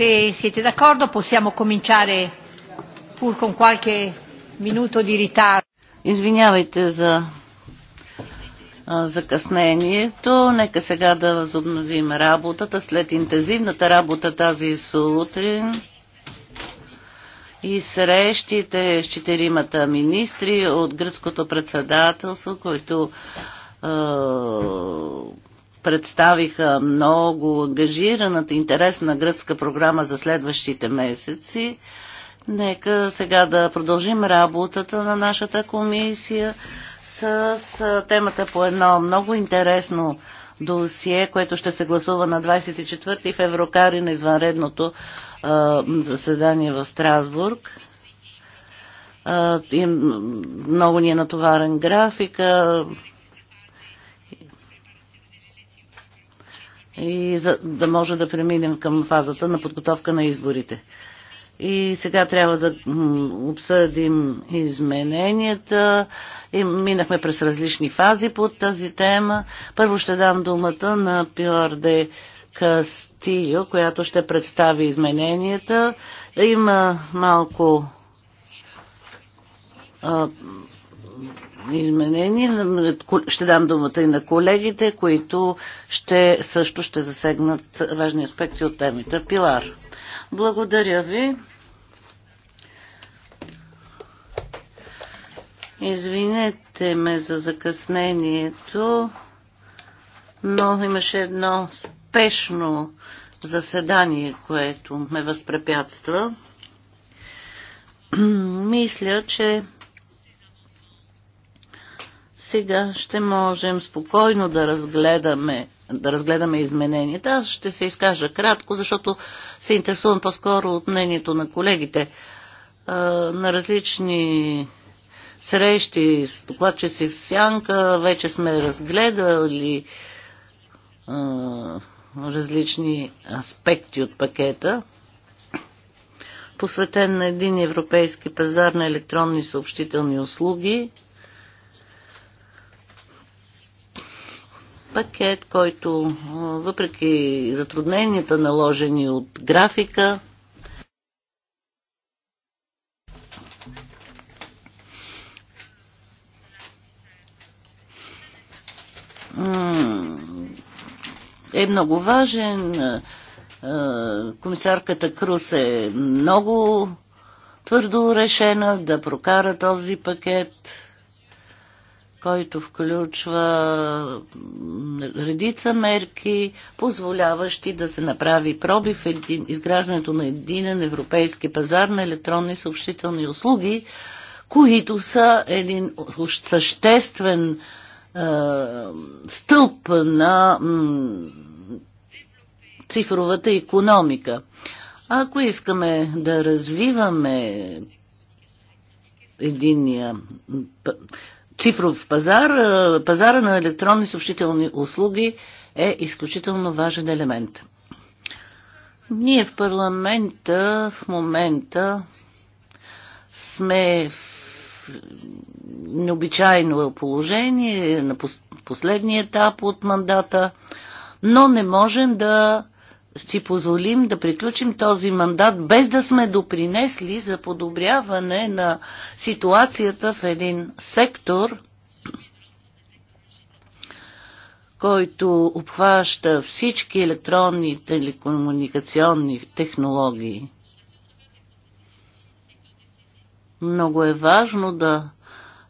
Se siete d'accordo possiamo cominciare pur con qualche minuto di ritardo. Извинявайте за закъснението. Нека сега да възобновим работата след интензивната работа тази сутрин и срещите с четиримата министри от гръцкото председателство, които представиха много ангажираната, интересна гръцка програма за следващите месеци. Нека сега да продължим работата на нашата комисия с, с темата по едно много интересно досие, което ще се гласува на 24 феврокари на извънредното а, заседание в Страсбург. А, и много ни е натоварен графика, и за да може да преминем към фазата на подготовка на изборите. И сега трябва да обсъдим измененията. И минахме през различни фази по тази тема. Първо ще дам думата на де Кастио, която ще представи измененията. Има малко а, изменение. Ще дам думата и на колегите, които ще, също ще засегнат важни аспекти от темите. Пилар, благодаря ви. Извинете ме за закъснението, но имаше едно спешно заседание, което ме възпрепятства. Мисля, че сега ще можем спокойно да разгледаме, да разгледаме измененията. Аз ще се изкажа кратко, защото се интересувам по-скоро от мнението на колегите. На различни срещи с докладчици в Сянка вече сме разгледали различни аспекти от пакета, посветен на един европейски пазар на електронни съобщителни услуги – пакет, който въпреки затрудненията наложени от графика, е много важен. Комисарката Крус е много твърдо решена да прокара този пакет който включва редица мерки, позволяващи да се направи проби в един, изграждането на единен европейски пазар на електронни съобщителни услуги, които са един съществен е, стълб на м, цифровата економика. Ако искаме да развиваме единия цифров пазар, пазара на електронни съобщителни услуги е изключително важен елемент. Ние в парламента в момента сме в необичайно положение на последния етап от мандата, но не можем да си позволим да приключим този мандат, без да сме допринесли за подобряване на ситуацията в един сектор, който обхваща всички електронни телекомуникационни технологии. Много е важно да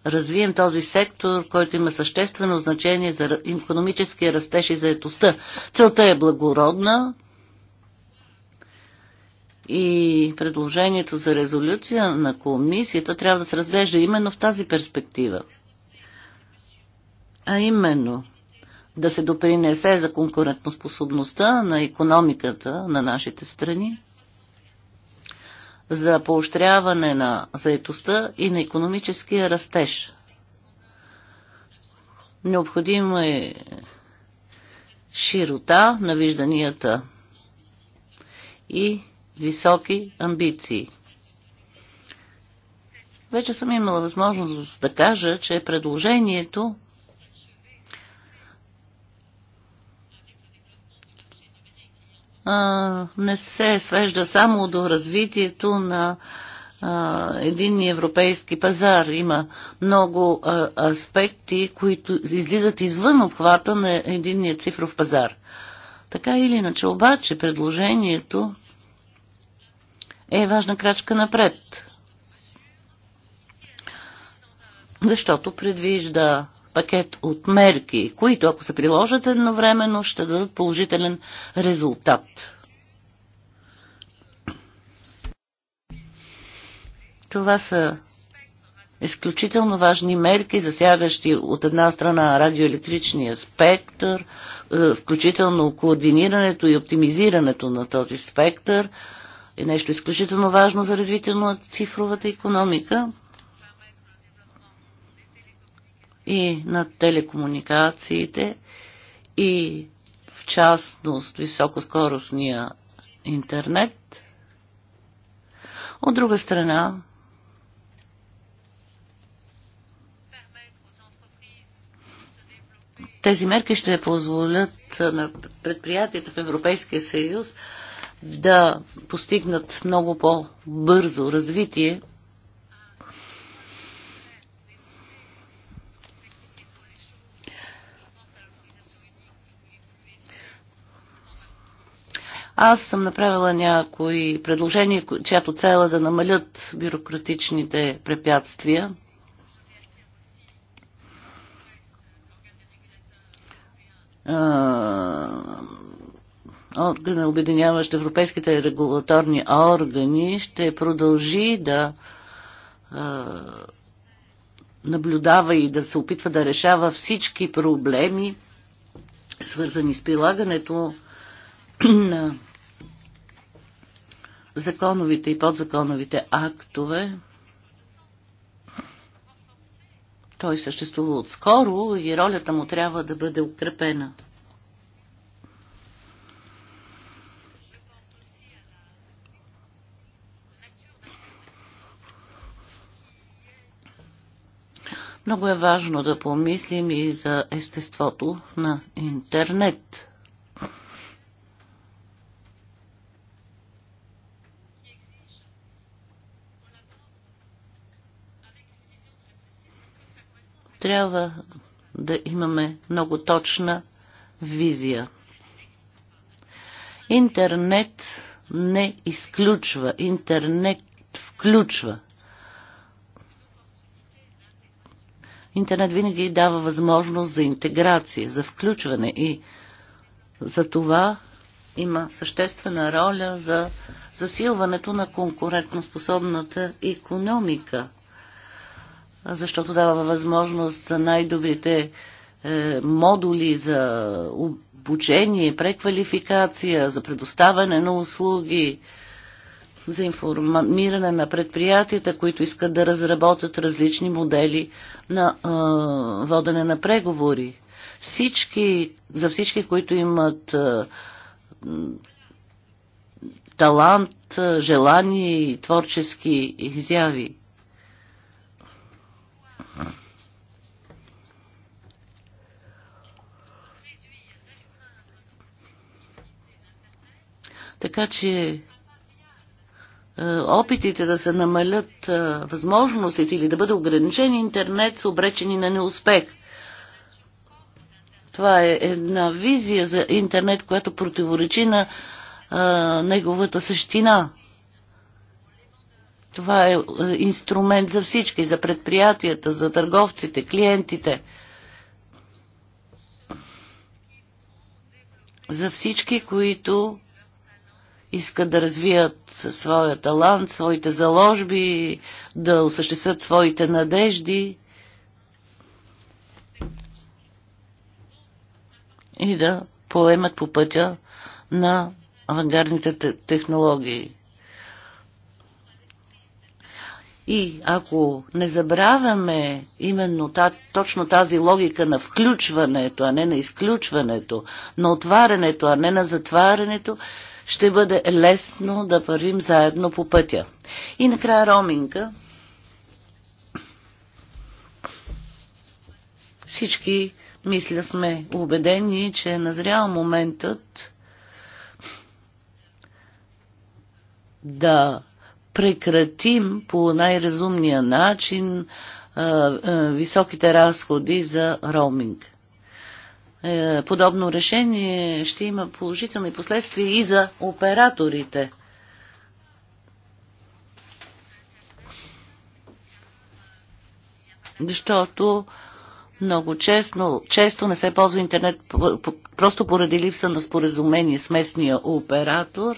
развием този сектор, който има съществено значение за економическия растеж и заетостта. Целта е благородна, и предложението за резолюция на комисията трябва да се разглежда именно в тази перспектива. А именно да се допринесе за конкурентоспособността на економиката на нашите страни, за поощряване на заетостта и на економическия растеж. Необходима е широта на вижданията и високи амбиции. Вече съм имала възможност да кажа, че предложението а, не се свежда само до развитието на а, един европейски пазар. Има много а, аспекти, които излизат извън обхвата на единния цифров пазар. Така или иначе, обаче, предложението е важна крачка напред. Защото предвижда пакет от мерки, които ако се приложат едновременно, ще дадат положителен резултат. Това са изключително важни мерки, засягащи от една страна радиоелектричния спектър, е, включително координирането и оптимизирането на този спектър, е нещо изключително важно за развитие на цифровата економика и на телекомуникациите и в частност високоскоростния интернет. От друга страна, тези мерки ще позволят на предприятията в Европейския съюз да постигнат много по-бързо развитие. Аз съм направила някои предложения, чиято цел е да намалят бюрократичните препятствия. А, органа, обединяващ европейските регулаторни органи, ще продължи да а, наблюдава и да се опитва да решава всички проблеми, свързани с прилагането на законовите и подзаконовите актове. Той съществува отскоро и ролята му трябва да бъде укрепена. Много е важно да помислим и за естеството на интернет. Трябва да имаме много точна визия. Интернет не изключва, интернет включва. интернет винаги дава възможност за интеграция, за включване и за това има съществена роля за засилването на конкурентноспособната економика, защото дава възможност за най-добрите е, модули за обучение, преквалификация, за предоставяне на услуги, за информиране на предприятията, които искат да разработят различни модели на а, водене на преговори. Всички, за всички, които имат а, талант, а, желание и творчески изяви. Така че е, опитите да се намалят е, възможностите или да бъде ограничен интернет са обречени на неуспех. Това е една визия за интернет, която противоречи на а, е, неговата същина. Това е инструмент за всички, за предприятията, за търговците, клиентите. За всички, които искат да развият своя талант, своите заложби, да осъществят своите надежди и да поемат по пътя на авангардните технологии. И ако не забравяме именно та, точно тази логика на включването, а не на изключването, на отварянето, а не на затварянето, ще бъде лесно да вървим заедно по пътя. И накрая Роминка. Всички, мисля, сме убедени, че е назрял моментът да прекратим по най-разумния начин високите разходи за роуминг. Е, подобно решение ще има положителни последствия и за операторите. Защото много честно, често не се ползва интернет просто поради липса на споразумение с местния оператор.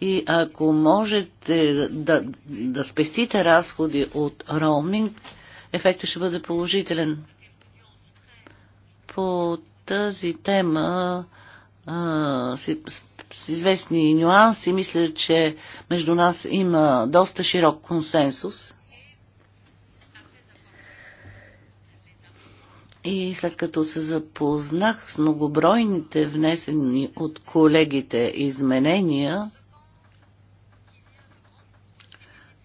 И ако можете да, да спестите разходи от роуминг, ефектът ще бъде положителен. По тази тема а, си, с, с известни нюанси, мисля, че между нас има доста широк консенсус. И след като се запознах с многобройните внесени от колегите изменения,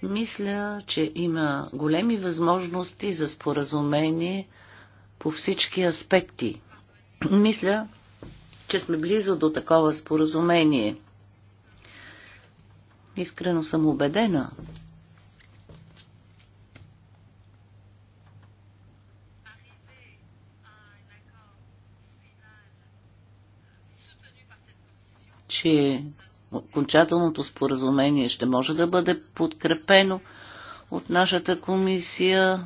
Мисля, че има големи възможности за споразумение по всички аспекти. Мисля, че сме близо до такова споразумение. Искрено съм убедена. че окончателното споразумение ще може да бъде подкрепено от нашата комисия.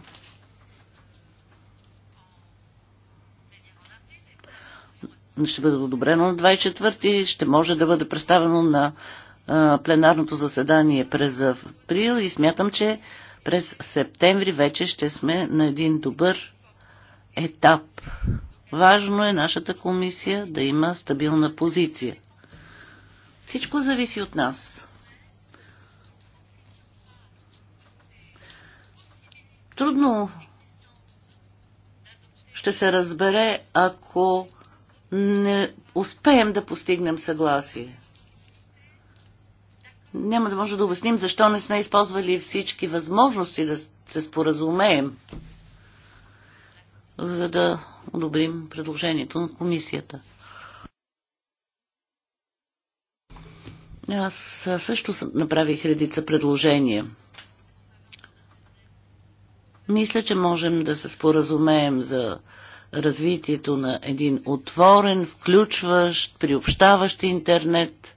Ще бъде одобрено на 24-ти, ще може да бъде представено на а, пленарното заседание през април и смятам, че през септември вече ще сме на един добър етап. Важно е нашата комисия да има стабилна позиция. Всичко зависи от нас. Трудно ще се разбере, ако не успеем да постигнем съгласие. Няма да може да обясним защо не сме използвали всички възможности да се споразумеем, за да одобрим предложението на комисията. Аз също направих редица предложения. Мисля, че можем да се споразумеем за развитието на един отворен, включващ, приобщаващ интернет.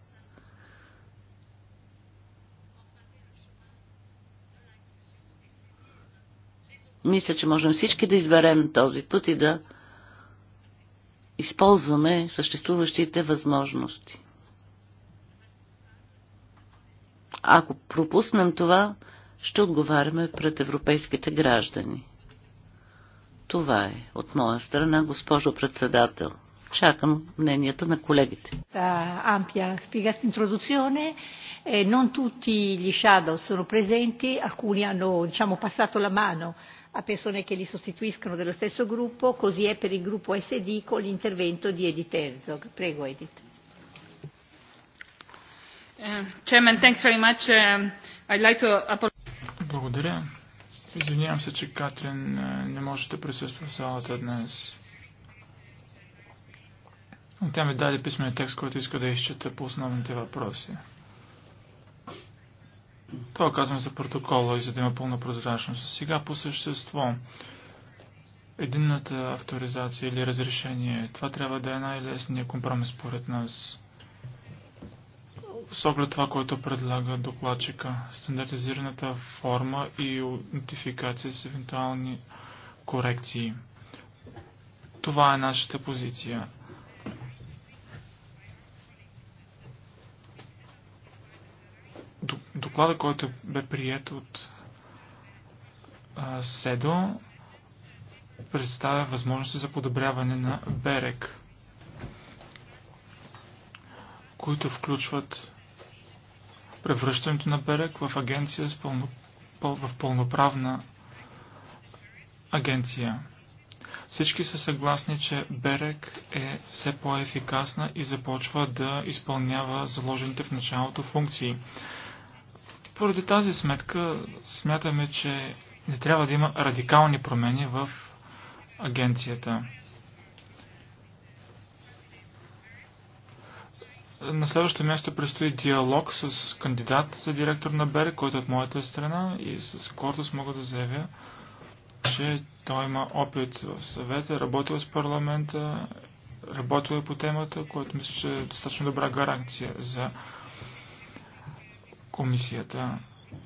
Мисля, че можем всички да изберем този път и да използваме съществуващите възможности. Ако пропуснем това, ще отговаряме пред европейските граждани. Това е от моя страна, госпожо председател. Чакам мненията на колегите. Ампия спигат интродуционе. Non tutti gli shadow sono presenti, alcuni hanno diciamo, passato la mano a persone che li sostituiscono dello stesso gruppo, così è per il gruppo SD con l'intervento di Edith Herzog. Prego Edith. Uh, um, Благодаря. Извинявам се, че Катрин е, не може да присъства в залата днес. тя ми даде писмен текст, който иска да изчета по основните въпроси. Това казвам за протокола и за да има пълна прозрачност. Сега по същество. Единната авторизация или разрешение, това трябва да е най-лесният компромис според нас. С оглед това, което предлага докладчика, стандартизираната форма и нотификация с евентуални корекции. Това е нашата позиция. Доклада, който бе прият от СЕДО, представя възможности за подобряване на БЕРЕК, които включват превръщането на БЕРЕК в агенция с пълно, пъл, в пълноправна агенция. Всички са съгласни, че БЕРЕК е все по-ефикасна и започва да изпълнява заложените в началото функции. Поради тази сметка смятаме, че не трябва да има радикални промени в агенцията. На следващото място предстои диалог с кандидат за директор на БЕР, който е от моята страна и с гордост мога да заявя, че той има опит в съвета, работил с парламента, работил е по темата, което мисля, че е достатъчно добра гаранция за комисията.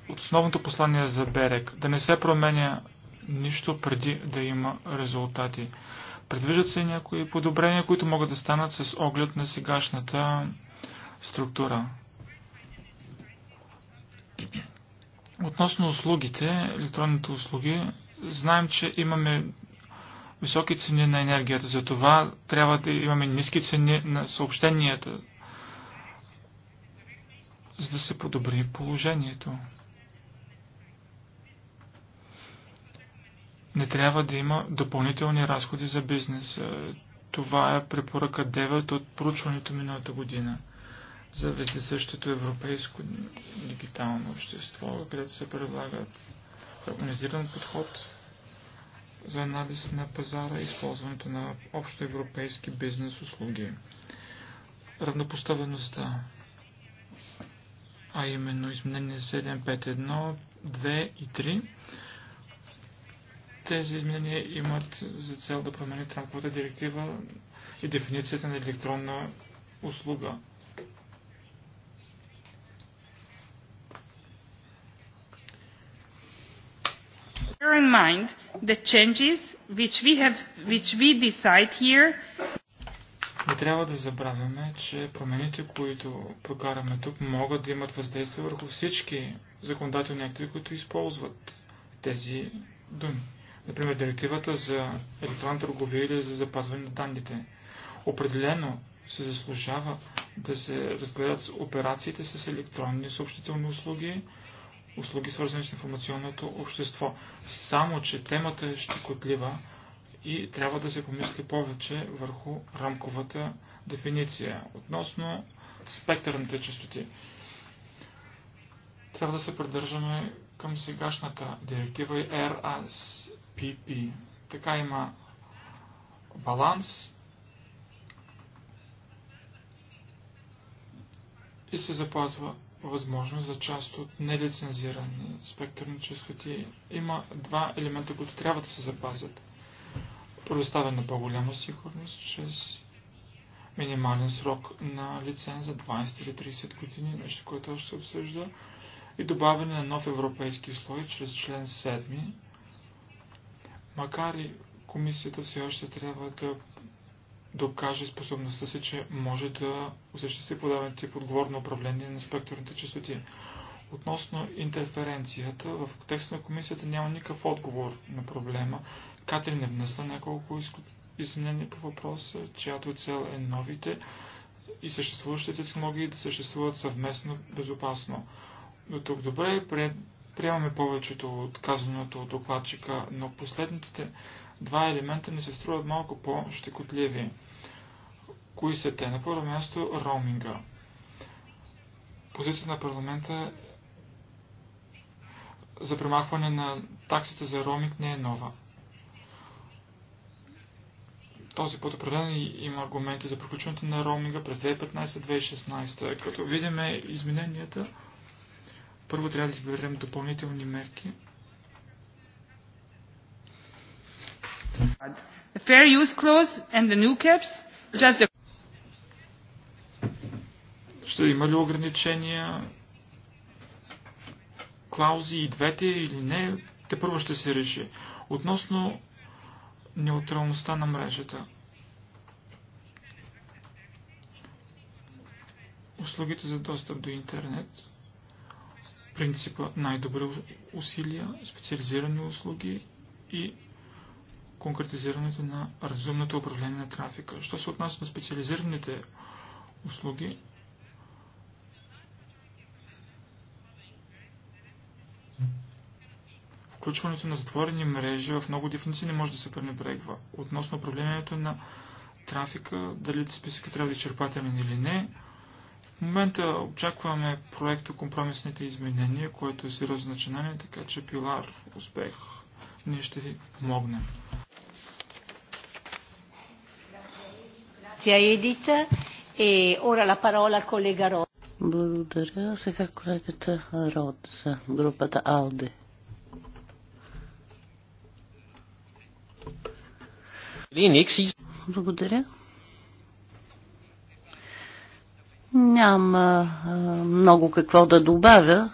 От основното послание за Берек да не се променя нищо преди да има резултати. Предвиждат се някои подобрения, които могат да станат с оглед на сегашната структура. Относно услугите, електронните услуги, знаем, че имаме високи цени на енергията. За това трябва да имаме ниски цени на съобщенията, за да се подобри положението. Не трябва да има допълнителни разходи за бизнес. Това е препоръка 9 от проучването миналата година за вездесъщото европейско дигитално общество, където се предлага хармонизиран подход за анализ на пазара и използването на общоевропейски бизнес услуги. Равнопоставеността, а именно изменение 751, 2 и 3, тези изменения имат за цел да променят рамковата директива и дефиницията на електронна услуга. bear in mind the changes which we, have, which we decide here. Не трябва да забравяме, че промените, които прокараме тук, могат да имат въздействие върху всички законодателни активи, които използват тези думи. Например, директивата за електронна търговия или за запазване на данните. Определено се заслужава да се разгледат операциите с електронни съобщителни услуги, услуги, свързани с информационното общество. Само, че темата е щекотлива и трябва да се помисли повече върху рамковата дефиниция относно спектърните частоти. Трябва да се придържаме към сегашната директива и RSPP. Така има баланс и се запазва възможно за част от нелицензирани спектърни честоти. Има два елемента, които трябва да се запазят. Предоставяне на по-голяма сигурност чрез минимален срок на лиценза 20 или 30 години, нещо, което още се обсъжда, и добавяне на нов европейски слой чрез член 7, макар и комисията все още трябва да докаже способността си, че може да осъществи подобен тип отговорно управление на спектърните частоти. Относно интерференцията, в текста на комисията няма никакъв отговор на проблема. Катрин е внесла няколко изменения по въпроса, чиято цел е новите и съществуващите технологии да съществуват съвместно безопасно. До тук добре, приемаме повечето от казаното от докладчика, но последните два елемента ни се струват малко по-щекотливи. Кои са те? На първо място роуминга. Позицията на парламента за премахване на таксите за роуминг не е нова. Този път определен има аргументи за приключването на роуминга през 2015-2016. Като видим измененията, първо трябва да изберем допълнителни мерки – The fair use clause and the new caps, just the... Ще има ли ограничения, клаузи и двете или не, те първо ще се реши. Относно неутралността на мрежата. Услугите за достъп до интернет, принципа най-добри усилия, специализирани услуги и конкретизирането на разумното управление на трафика. Що се отнася на специализираните услуги, включването на затворени мрежи в много дефиниции не може да се пренебрегва. Относно управлението на трафика, дали списъкът трябва да е черпателен или не, в момента очакваме проекто компромисните изменения, което е сериозно начинание, така че пилар успех. Ние ще ви помогнем. Grazie Edith. E ora la parola al collega Rod. Благодаря. Сега колегата Род за групата Алде. Благодаря. Няма много какво да добавя.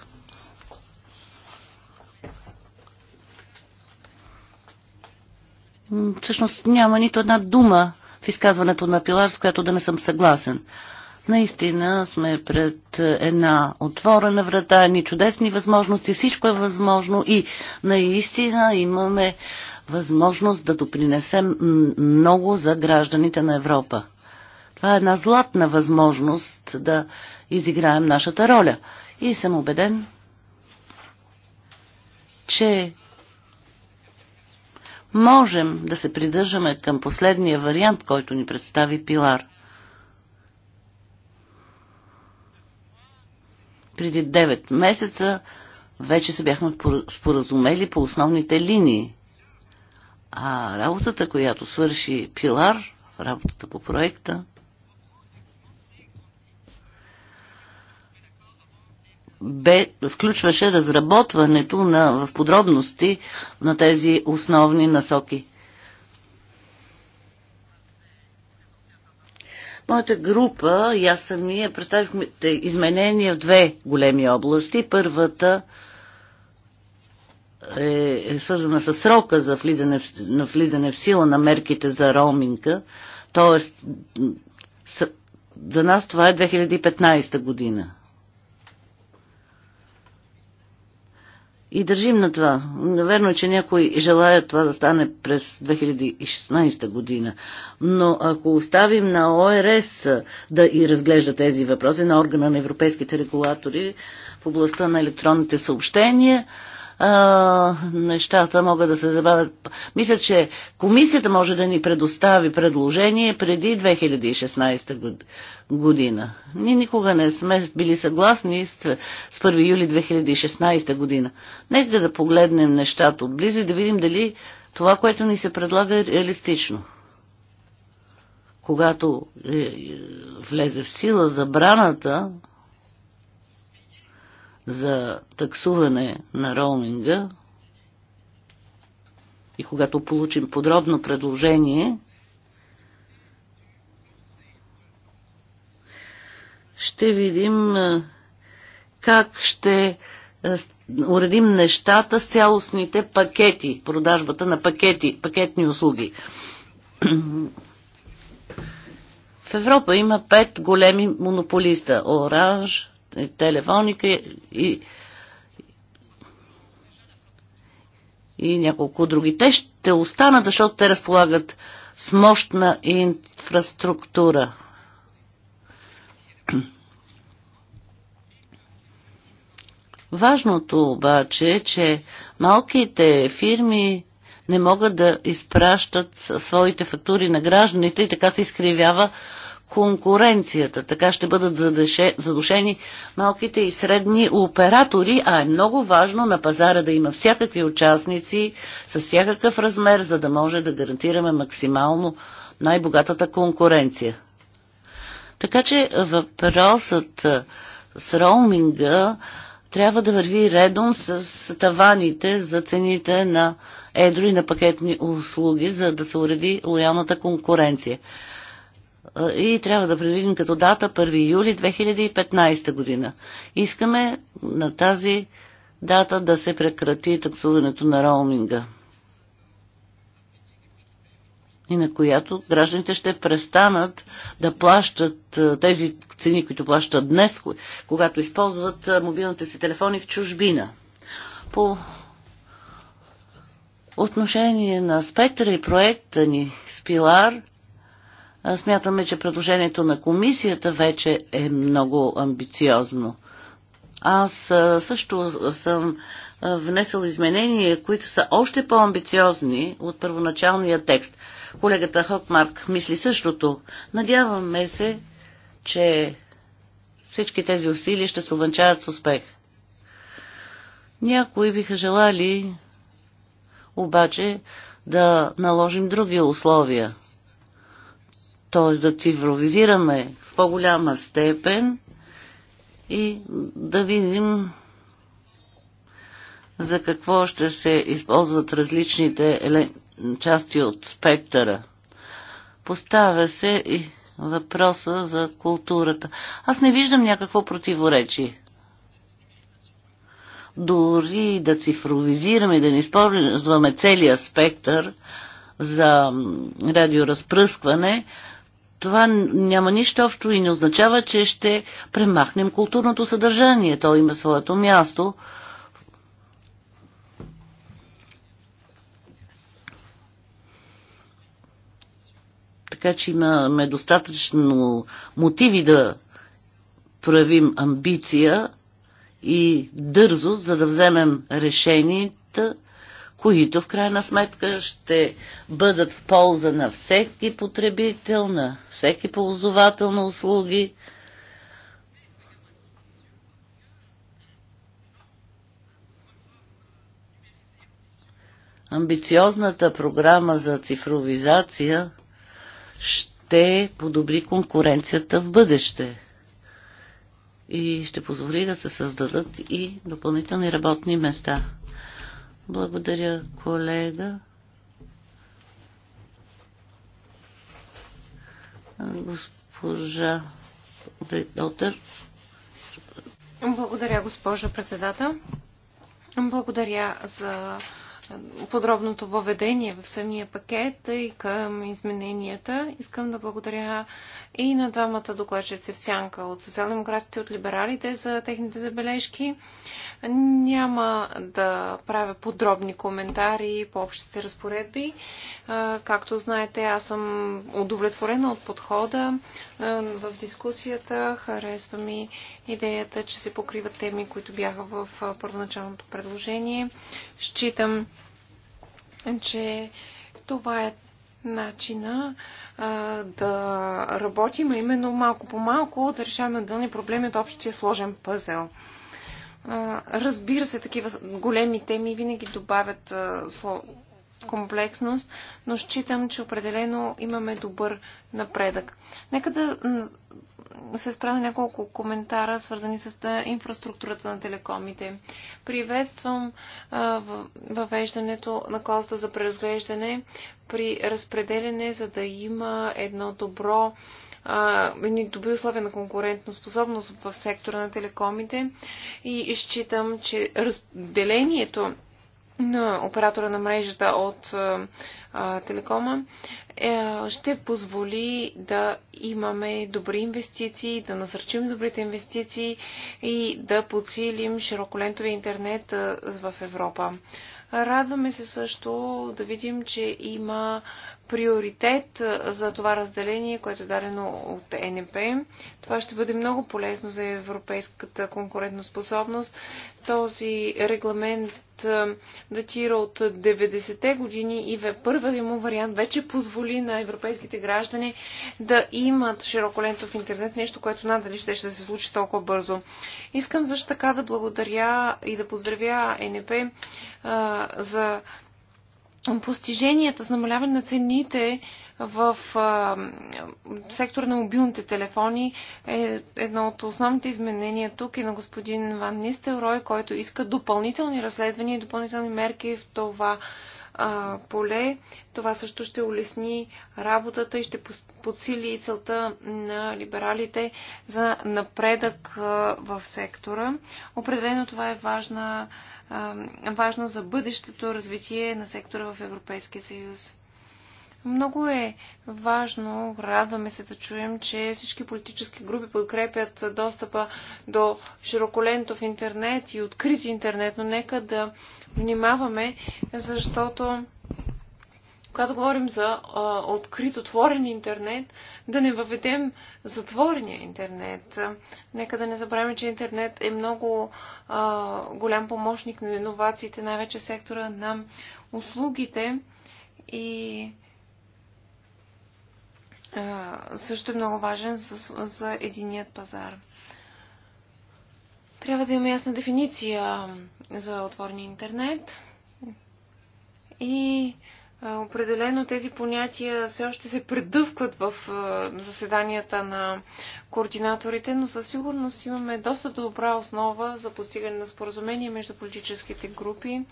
Всъщност няма нито една дума в изказването на Пилар, с която да не съм съгласен. Наистина сме пред една отворена врата, ни чудесни възможности, всичко е възможно и наистина имаме възможност да допринесем много за гражданите на Европа. Това е една златна възможност да изиграем нашата роля. И съм убеден, че можем да се придържаме към последния вариант, който ни представи Пилар. Преди 9 месеца вече се бяхме споразумели по основните линии. А работата, която свърши Пилар, работата по проекта, бе, включваше разработването на, в подробности на тези основни насоки. Моята група и аз самия представихме изменения в две големи области. Първата е, е свързана с срока за влизане в, на влизане в сила на мерките за роуминга. Тоест, за нас това е 2015 година. И държим на това. Верно е, че някои желаят това да стане през 2016 година. Но ако оставим на ОРС да и разглежда тези въпроси, на органа на европейските регулатори в областта на електронните съобщения, а, нещата могат да се забавят. Мисля, че комисията може да ни предостави предложение преди 2016 година. Ние никога не сме били съгласни с, с 1 юли 2016 година. Нека да погледнем нещата отблизо и да видим дали това, което ни се предлага е реалистично когато е, е, влезе в сила забраната за таксуване на роуминга и когато получим подробно предложение, ще видим как ще уредим нещата с цялостните пакети, продажбата на пакети, пакетни услуги. В Европа има пет големи монополиста. Оранж, е, телефоника и, и няколко други. Те ще останат, защото те разполагат с мощна инфраструктура. Важното обаче е, че малките фирми не могат да изпращат своите фактури на гражданите и така се изкривява конкуренцията. Така ще бъдат задушени малките и средни оператори, а е много важно на пазара да има всякакви участници с всякакъв размер, за да може да гарантираме максимално най-богатата конкуренция. Така че въпросът с роуминга трябва да върви редом с таваните за цените на едро и на пакетни услуги, за да се уреди лоялната конкуренция и трябва да предвидим като дата 1 юли 2015 година. Искаме на тази дата да се прекрати таксуването на роуминга и на която гражданите ще престанат да плащат тези цени, които плащат днес, когато използват мобилните си телефони в чужбина. По отношение на спектъра и проекта ни с Пилар, Смятаме, че предложението на комисията вече е много амбициозно. Аз също съм внесъл изменения, които са още по-амбициозни от първоначалния текст. Колегата Хокмарк мисли същото. Надяваме се, че всички тези усилия ще се увенчаят с успех. Някои биха желали обаче да наложим други условия т.е. да цифровизираме в по-голяма степен и да видим за какво ще се използват различните части от спектъра. Поставя се и въпроса за културата. Аз не виждам някакво противоречие. Дори да цифровизираме, да не използваме целия спектър за радиоразпръскване, това няма нищо общо и не означава, че ще премахнем културното съдържание. То има своето място. Така че имаме достатъчно мотиви да проявим амбиция и дързост, за да вземем решенията, които в крайна сметка ще бъдат в полза на всеки потребител, на всеки ползовател на услуги. Амбициозната програма за цифровизация ще подобри конкуренцията в бъдеще и ще позволи да се създадат и допълнителни работни места. Благодаря, колега. Госпожа Дотър. Благодаря, госпожо председател. Благодаря за подробното въведение в самия пакет и към измененията. Искам да благодаря и на двамата докладчици в сянка от социал-демократите от либералите за техните забележки. Няма да правя подробни коментари по общите разпоредби. Както знаете, аз съм удовлетворена от подхода в дискусията. Харесва ми идеята, че се покриват теми, които бяха в първоначалното предложение. Считам, че това е начина а, да работим, а именно малко по малко да решаваме дълни проблеми от общия сложен пъзел. А, разбира се, такива големи теми винаги добавят а, сло... комплексност, но считам, че определено имаме добър напредък. Нека да се спра на няколко коментара, свързани с инфраструктурата на телекомите. Приветствам въвеждането на клаузата за преразглеждане при разпределене, за да има едно добро едни добри условия на конкурентно способност в сектора на телекомите и изчитам, че разделението на оператора на мрежата от а, телекома е, ще позволи да имаме добри инвестиции, да насърчим добрите инвестиции и да подсилим широколентовия интернет а, в Европа. Радваме се също да видим, че има приоритет за това разделение, което е дадено от НП. Това ще бъде много полезно за европейската конкурентоспособност. Този регламент датира от 90-те години и първият му вариант вече позволи на европейските граждани да имат широколентов интернет, нещо, което надали ще, ще се случи толкова бързо. Искам също така да благодаря и да поздравя НП а, за постиженията за намаляване на цените в а, сектора на мобилните телефони е едно от основните изменения тук и на господин Ван Нистелрой, който иска допълнителни разследвания и допълнителни мерки в това а, поле. Това също ще улесни работата и ще подсили и целта на либералите за напредък а, в сектора. Определено това е важна важно за бъдещето развитие на сектора в Европейския съюз. Много е важно, радваме се да чуем, че всички политически групи подкрепят достъпа до широколентов интернет и открит интернет, но нека да внимаваме, защото когато говорим за а, открит, отворен интернет, да не въведем затворения интернет. Нека да не забравяме, че интернет е много а, голям помощник на иновациите, най-вече в сектора на услугите и а, също е много важен за, за единият пазар. Трябва да има ясна дефиниция за отворния интернет и Определено тези понятия все още се предъвкват в заседанията на координаторите, но със сигурност имаме доста добра основа за постигане на споразумение между политическите групи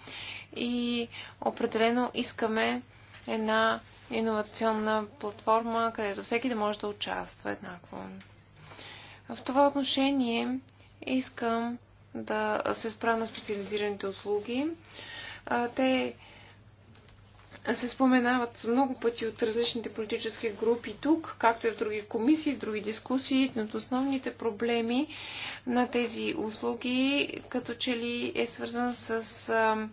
и определено искаме една иновационна платформа, където всеки да може да участва еднакво. В това отношение искам да се спра на специализираните услуги. Те се споменават много пъти от различните политически групи тук, както и в други комисии, в други дискусии, от основните проблеми на тези услуги, като че ли е свързан с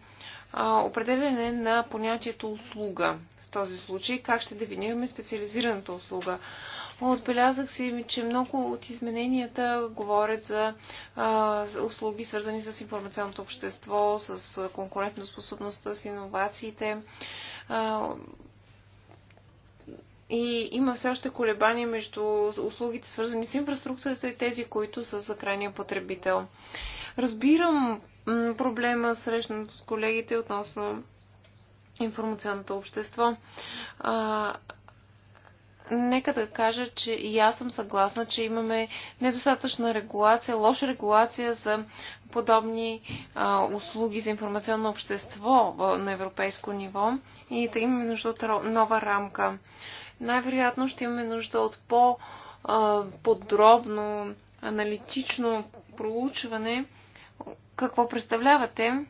определене на понятието услуга. В този случай, как ще дефинираме специализираната услуга? Отбелязах си, че много от измененията говорят за а, услуги, свързани с информационното общество, с конкурентоспособността, с иновациите и има все още колебания между услугите, свързани с инфраструктурата и тези, които са за крайния потребител. Разбирам проблема, срещнат от колегите относно информационното общество нека да кажа, че и аз съм съгласна, че имаме недостатъчна регулация, лоша регулация за подобни а, услуги за информационно общество в, на европейско ниво и да имаме нужда от нова рамка. Най-вероятно ще имаме нужда от по-подробно аналитично проучване какво представлявате.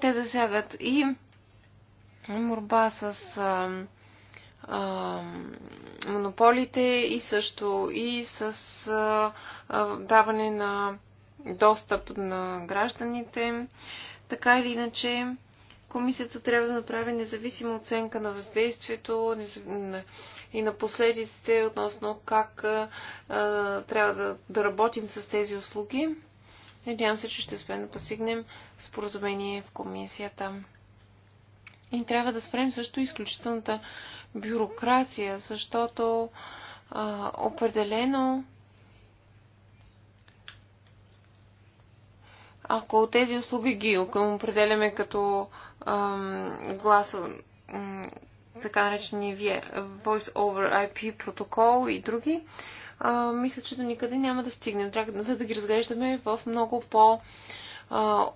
Те засягат и борба с а, а, монополите и също и с а, а, даване на достъп на гражданите. Така или иначе, комисията трябва да направи независима оценка на въздействието и на последиците относно как а, трябва да, да работим с тези услуги. Надявам се, че ще успеем да постигнем споразумение в комисията. И трябва да спрем също изключителната бюрокрация, защото а, определено ако тези услуги ги определяме като ам, гласо, ам, така наречени Voice over IP протокол и други, а, мисля, че до никъде няма да стигнем. Трябва да ги разглеждаме в много по- а,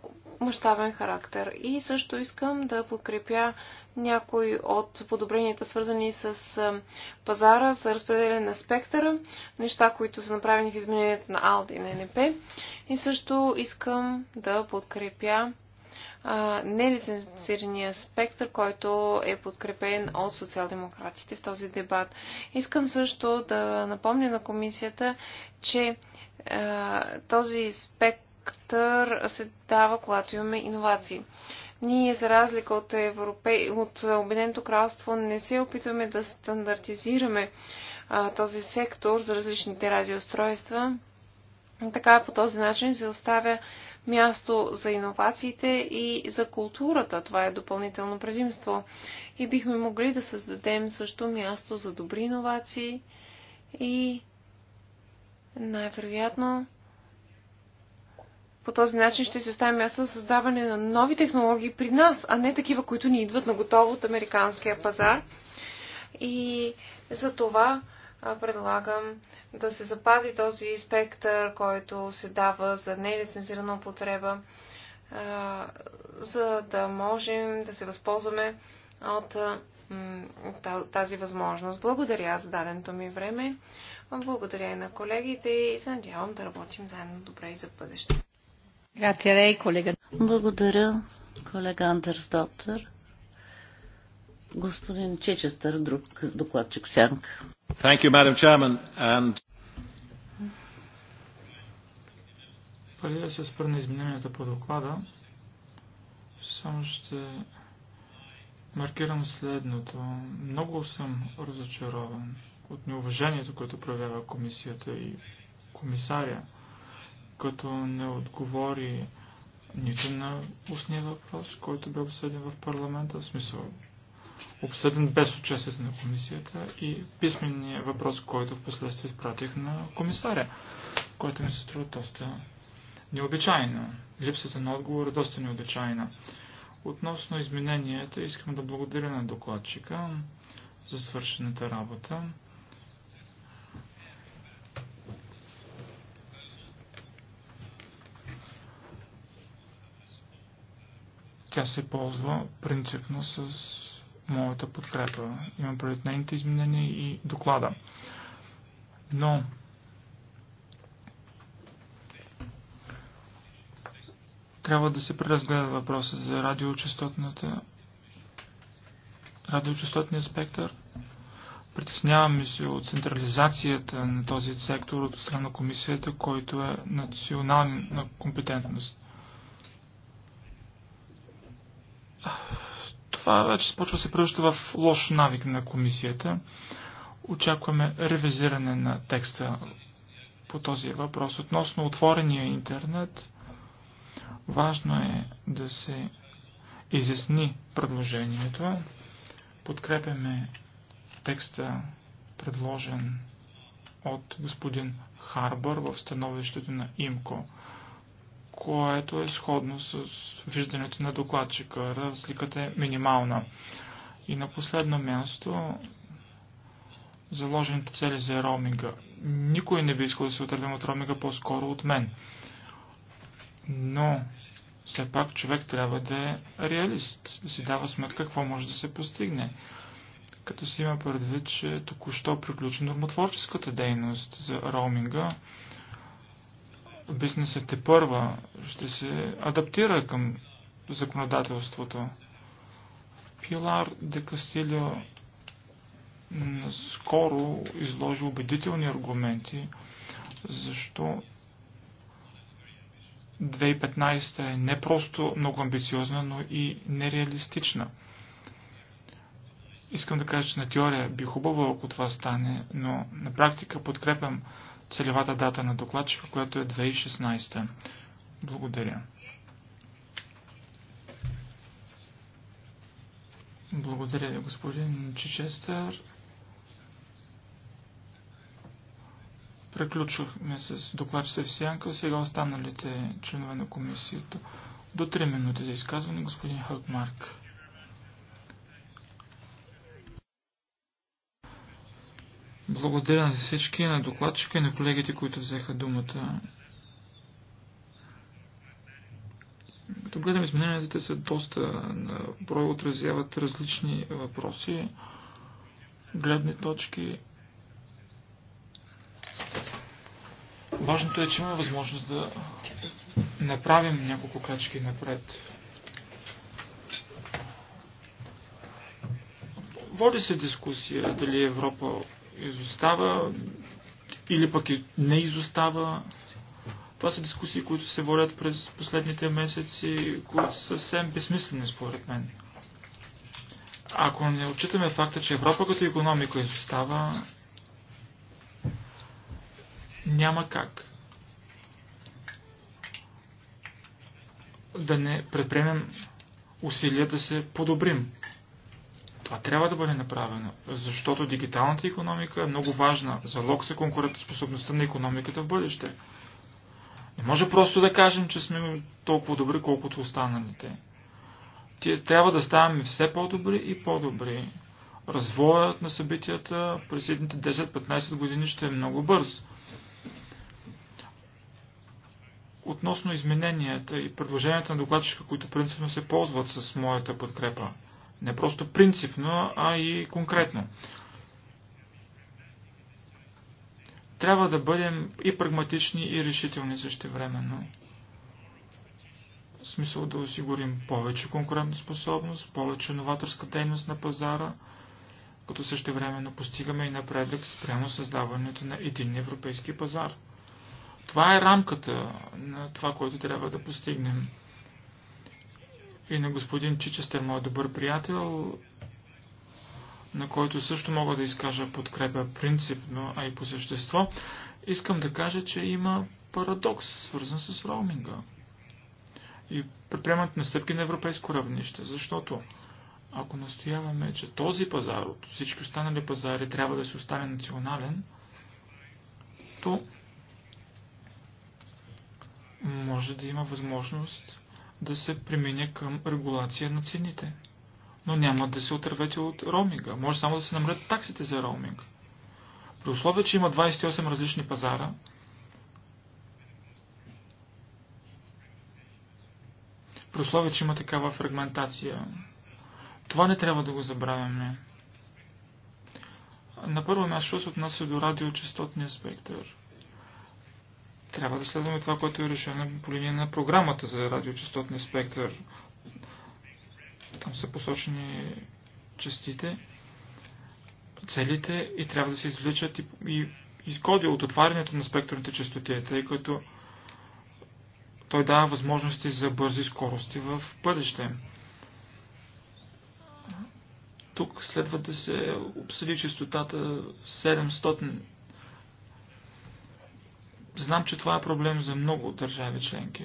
мащабен характер. И също искам да подкрепя някои от подобренията, свързани с пазара, за разпределение на спектъра, неща, които са направени в измененията на АЛД и на НП. И също искам да подкрепя нелицензирания спектър, който е подкрепен от социал-демократите в този дебат. Искам също да напомня на комисията, че този спектър характер се дава, когато имаме иновации. Ние, за разлика от, Европе... от Обединеното кралство, не се опитваме да стандартизираме а, този сектор за различните радиоустройства. Така по този начин се оставя място за иновациите и за културата. Това е допълнително предимство. И бихме могли да създадем също място за добри иновации и най-вероятно по този начин ще си оставим място за създаване на нови технологии при нас, а не такива, които ни идват на готово от американския пазар. И за това предлагам да се запази този спектър, който се дава за нелицензирана употреба, за да можем да се възползваме от тази възможност. Благодаря за даденото ми време. Благодаря и на колегите и се надявам да работим заедно добре и за бъдеще. Благодаря, колега Андерс Доктор. Господин Чичестър, друг докладчик Сянка. Thank you, Madam Chairman, and... Преди да се спра на измененията по доклада, само ще маркирам следното. Много съм разочарован от неуважението, което проявява комисията и комисаря като не отговори нито на устния въпрос, който бе обсъден в парламента, в смисъл обсъден без участието на комисията и писменният въпрос, който в последствие изпратих на комисаря, който ми се струва доста необичайна. Липсата на отговор е доста необичайна. Относно измененията, искам да благодаря на докладчика за свършената работа. Тя се ползва принципно с моята подкрепа. Имам предвид нейните изменения и доклада. Но трябва да се преразгледа въпроса за радиочастотната радиочастотния спектър. Притесняваме се от централизацията на този сектор от страна на комисията, който е национална компетентност. Това вече започва се превръща в лош навик на комисията. Очакваме ревизиране на текста по този въпрос. Относно отворения интернет, важно е да се изясни предложението. Подкрепяме текста, предложен от господин Харбър в становището на ИМКО което е сходно с виждането на докладчика. Разликата е минимална. И на последно място заложените цели за роуминга. Никой не би искал да се отървим от роуминга по-скоро от мен. Но все пак човек трябва да е реалист, да си дава сметка какво може да се постигне. Като се има предвид, че току-що приключи нормотворческата дейност за роуминга, Бизнесът е първа, ще се адаптира към законодателството. Пилар де Кастилио скоро изложи убедителни аргументи, защо 2015 е не просто много амбициозна, но и нереалистична. Искам да кажа, че на теория би хубаво, ако това стане, но на практика подкрепям целевата дата на докладчика, която е 2016. Благодаря. Благодаря ви, господин Чичестър. Преключихме с докладчица в сянка. Сега останалите членове на комисията. До 3 минути за изказване, господин Хакмарк. Благодаря на всички, на докладчика и на колегите, които взеха думата. Като гледам измененията, те са доста на брой, отразяват различни въпроси, гледни точки. Важното е, че имаме възможност да направим няколко крачки напред. Води се дискусия дали Европа изостава или пък не изостава. Това са дискусии, които се водят през последните месеци, които са съвсем безсмислени според мен. Ако не отчитаме факта, че Европа като економика изостава, няма как да не предприемем усилия да се подобрим това трябва да бъде направено, защото дигиталната економика е много важна. Залог за конкурентоспособността на економиката в бъдеще. Не може просто да кажем, че сме толкова добри, колкото останалите. трябва да ставаме все по-добри и по-добри. Развоят на събитията през следните 10-15 години ще е много бърз. Относно измененията и предложенията на докладчика, които принципно се ползват с моята подкрепа. Не просто принципно, а и конкретно. Трябва да бъдем и прагматични, и решителни същевременно. В смисъл да осигурим повече конкурентоспособност, повече новаторска дейност на пазара, като същевременно постигаме и напредък спрямо създаването на един европейски пазар. Това е рамката на това, което трябва да постигнем и на господин Чичестер, мой добър приятел, на който също мога да изкажа подкрепа принципно, а и по същество, искам да кажа, че има парадокс, свързан с роуминга и предприемането на стъпки на европейско равнище, защото ако настояваме, че този пазар от всички останали пазари трябва да се остане национален, то може да има възможност да се премине към регулация на цените. Но няма да се отървете от роуминга. Може само да се намрят таксите за роуминг. При условие, че има 28 различни пазара, при условие, че има такава фрагментация, това не трябва да го забравяме. На първо място се отнася до радиочастотния спектър. Трябва да следваме това, което е решено по линия на програмата за радиочастотния спектър. Там са посочени частите, целите и трябва да се извличат и, и изгоди от отварянето на спектърните частоти, тъй като той дава възможности за бързи скорости в бъдеще. Тук следва да се обсъди частотата 700 Знам, че това е проблем за много държави членки.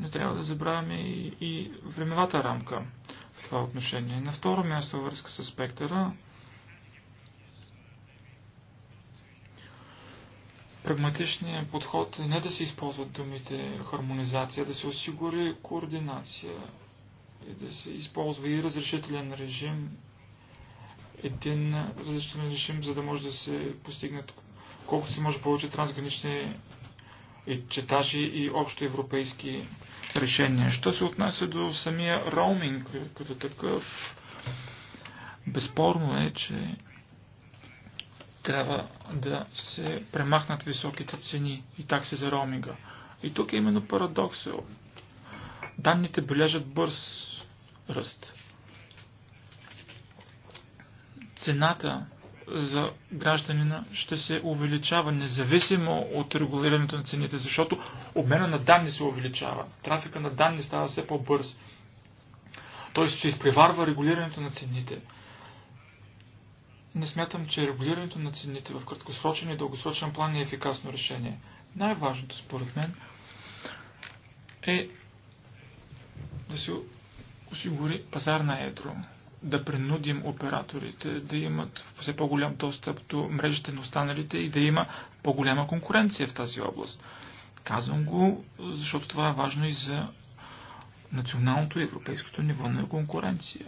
Не трябва да забравяме и, и времевата рамка в това отношение. На второ място връзка с спектъра прагматичният подход е не да се използват думите хармонизация, да се осигури координация и да се използва и разрешителен режим, един разрешителен режим, за да може да се постигнат колкото се може повече трансгранични и четажи и общо европейски решения. Що се отнася до самия роуминг като такъв, безспорно е, че трябва да се премахнат високите цени и такси за роуминга. И тук е именно парадокса. Данните бележат бърз ръст. Цената за гражданина ще се увеличава, независимо от регулирането на цените, защото обмена на данни се увеличава, трафика на данни става все по-бърз. Тоест ще изпреварва регулирането на цените. Не смятам, че регулирането на цените в краткосрочен и дългосрочен план е ефикасно решение. Най-важното, според мен, е да се осигури пазар на едро да принудим операторите да имат все по-голям достъп до мрежите на останалите и да има по-голяма конкуренция в тази област. Казвам го, защото това е важно и за националното и европейското ниво на конкуренция.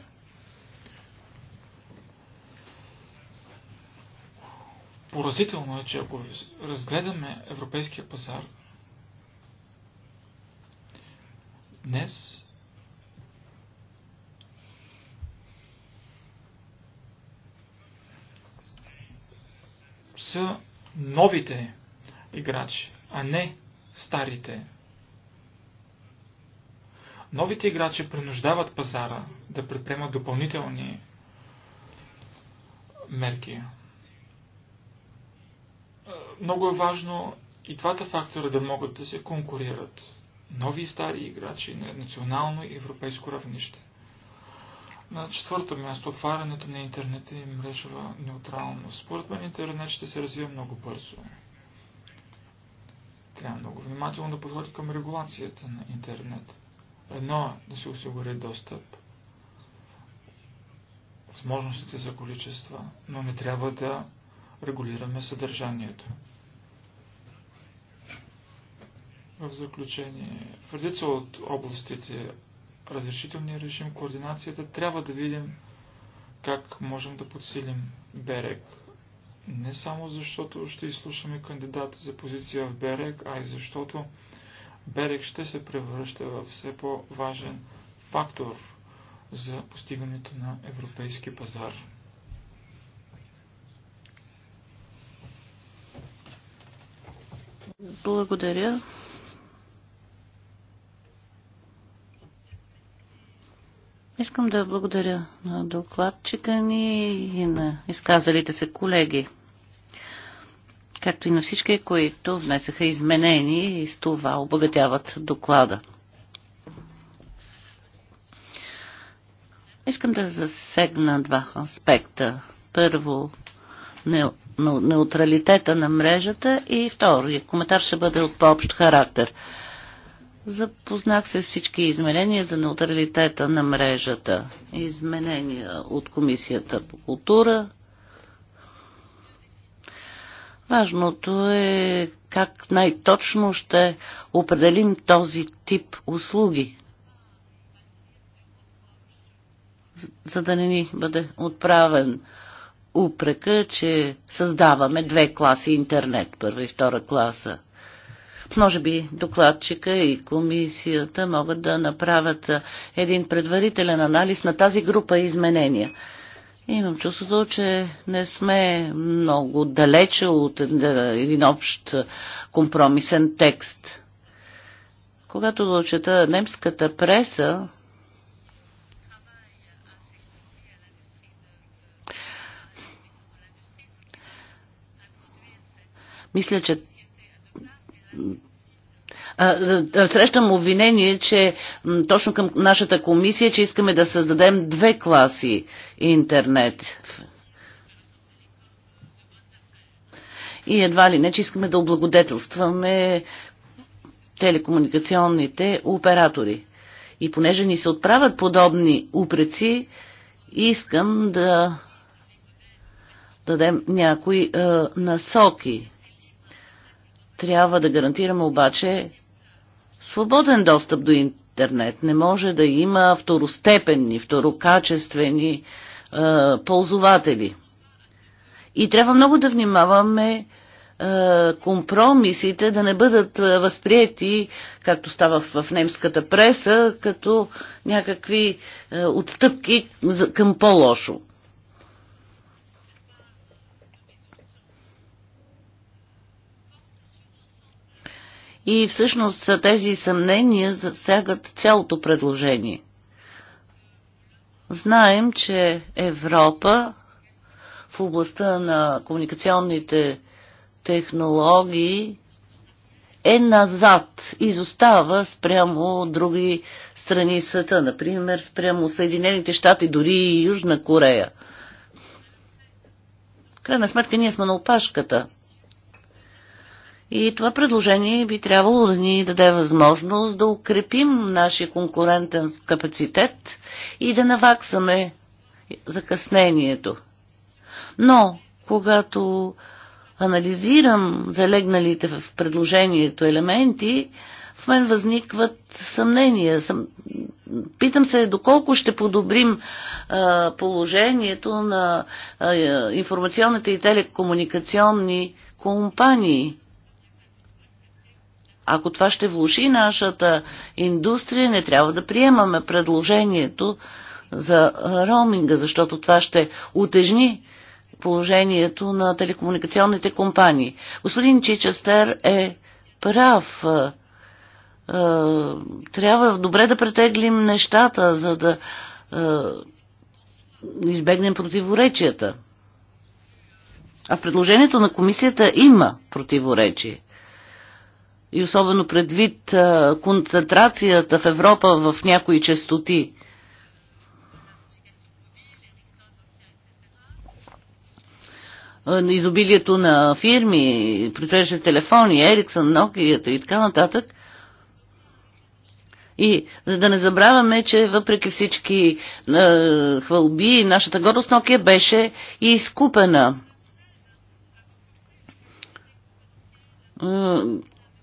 Поразително е, че ако разгледаме европейския пазар, днес са новите играчи, а не старите. Новите играчи принуждават пазара да предприемат допълнителни мерки. Много е важно и двата фактора да могат да се конкурират. Нови и стари играчи на национално и европейско равнище. На четвърто място, отварянето на интернет и мрежова неутралност. Според мен интернет ще се развие много бързо. Трябва много внимателно да подходи към регулацията на интернет. Едно е да се осигури достъп, възможностите за количества, но не трябва да регулираме съдържанието. В заключение, в редица от областите разрешителния режим, координацията, трябва да видим как можем да подсилим Берег. Не само защото ще изслушаме кандидата за позиция в Берег, а и защото Берег ще се превръща в все по-важен фактор за постигането на европейски пазар. Благодаря. Искам да благодаря на докладчика ни и на изказалите се колеги, както и на всички, които внесаха изменения и с това обогатяват доклада. Искам да засегна два аспекта. Първо, неутралитета на мрежата и втория коментар ще бъде от по-общ характер – Запознах се с всички изменения за неутралитета на мрежата. Изменения от Комисията по култура. Важното е как най-точно ще определим този тип услуги, за да не ни бъде отправен упрека, че създаваме две класи интернет, първа и втора класа – може би докладчика и комисията могат да направят един предварителен анализ на тази група изменения. Имам чувството, че не сме много далече от е, един общ компромисен текст. Когато чета немската преса, мисля, че Срещам обвинение, че точно към нашата комисия, че искаме да създадем две класи интернет. И едва ли не, че искаме да облагодетелстваме телекомуникационните оператори. И понеже ни се отправят подобни упреци, искам да дадем някои е, насоки трябва да гарантираме обаче свободен достъп до интернет. Не може да има второстепенни, второкачествени е, ползватели. И трябва много да внимаваме е, компромисите да не бъдат е, възприяти, както става в немската преса, като някакви е, отстъпки към по-лошо. И всъщност тези съмнения засягат цялото предложение. Знаем, че Европа в областта на комуникационните технологии е назад, изостава спрямо други страни света, например спрямо Съединените щати, дори и Южна Корея. В крайна сметка ние сме на опашката – и това предложение би трябвало да ни даде възможност да укрепим нашия конкурентен капацитет и да наваксаме закъснението. Но, когато анализирам залегналите в предложението елементи, в мен възникват съмнения. Съм... Питам се доколко ще подобрим а, положението на а, информационните и телекомуникационни компании. Ако това ще влуши нашата индустрия, не трябва да приемаме предложението за роуминга, защото това ще утежни положението на телекомуникационните компании. Господин Чичестер е прав. Е, е, трябва добре да претеглим нещата, за да е, избегнем противоречията. А в предложението на комисията има противоречие и особено предвид концентрацията в Европа в някои частоти. изобилието на фирми, притежни телефони, Ериксон, Nokia и така нататък. И да не забравяме, че въпреки всички е, хвалби, нашата гордост Nokia беше и изкупена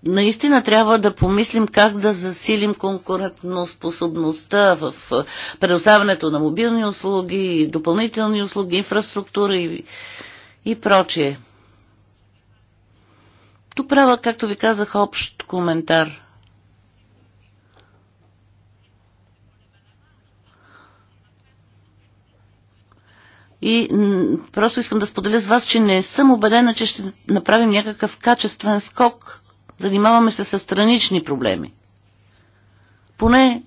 наистина трябва да помислим как да засилим конкурентоспособността в предоставянето на мобилни услуги, допълнителни услуги, инфраструктура и, и прочие. Тук права, както ви казах, общ коментар. И просто искам да споделя с вас, че не съм убедена, че ще направим някакъв качествен скок Занимаваме се с странични проблеми. Поне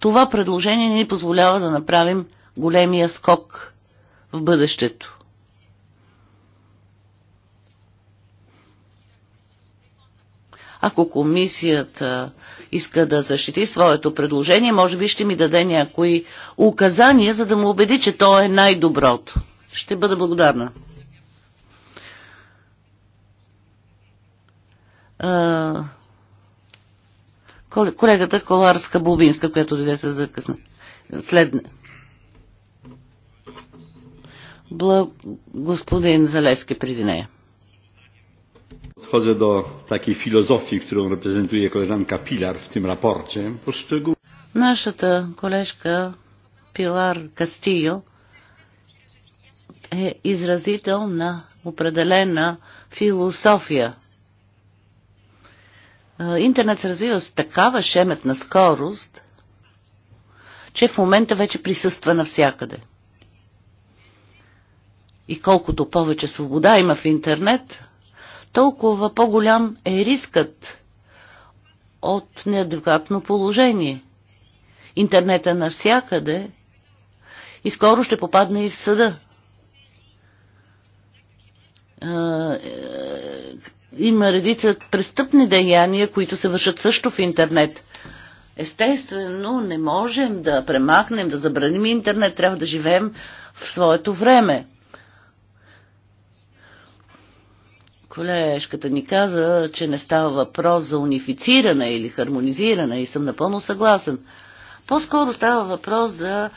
това предложение ни позволява да направим големия скок в бъдещето. Ако комисията иска да защити своето предложение, може би ще ми даде някои указания, за да му убеди, че то е най-доброто. Ще бъда благодарна. колегата Коларска Бубинска, която дойде се закъсна. След... Благ... Господин Залески преди нея. Odchodzę до таки filozofii, którą reprezentuje колежанка Пилар в тим рапорче. Poszczegół... Naszata koleżka Pilar е изразител на определена философия интернет се развива с такава шеметна скорост, че в момента вече присъства навсякъде. И колкото повече свобода има в интернет, толкова по-голям е рискът от неадекватно положение. Интернет е навсякъде и скоро ще попадне и в съда има редица престъпни деяния, които се вършат също в интернет. Естествено, не можем да премахнем, да забраним интернет, трябва да живеем в своето време. Колежката ни каза, че не става въпрос за унифициране или хармонизиране и съм напълно съгласен. По-скоро става въпрос за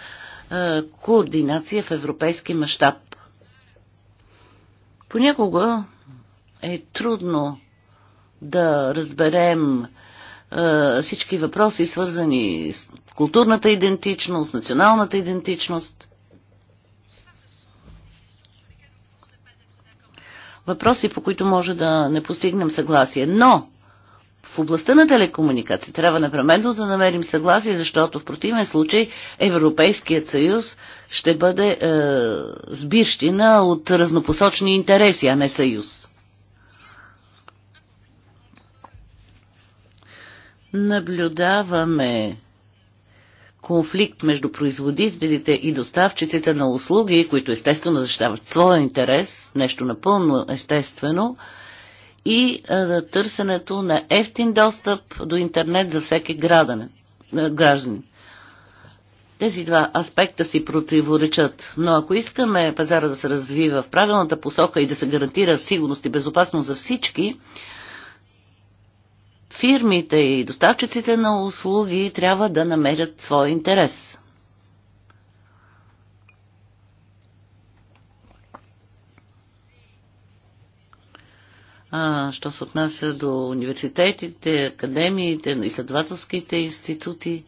е, координация в европейски мащаб. Понякога е трудно да разберем е, всички въпроси, свързани с културната идентичност, националната идентичност. Въпроси, по които може да не постигнем съгласие. Но в областта на телекомуникации трябва непременно да намерим съгласие, защото в противен случай Европейският съюз ще бъде е, сбирщина от разнопосочни интереси, а не съюз. наблюдаваме конфликт между производителите и доставчиците на услуги, които естествено защитават своя интерес, нещо напълно естествено, и а, търсенето на ефтин достъп до интернет за всеки градане, гражданин. Тези два аспекта си противоречат, но ако искаме пазара да се развива в правилната посока и да се гарантира сигурност и безопасност за всички, Фирмите и доставчиците на услуги трябва да намерят свой интерес. А, що се отнася до университетите, академиите, изследователските институти,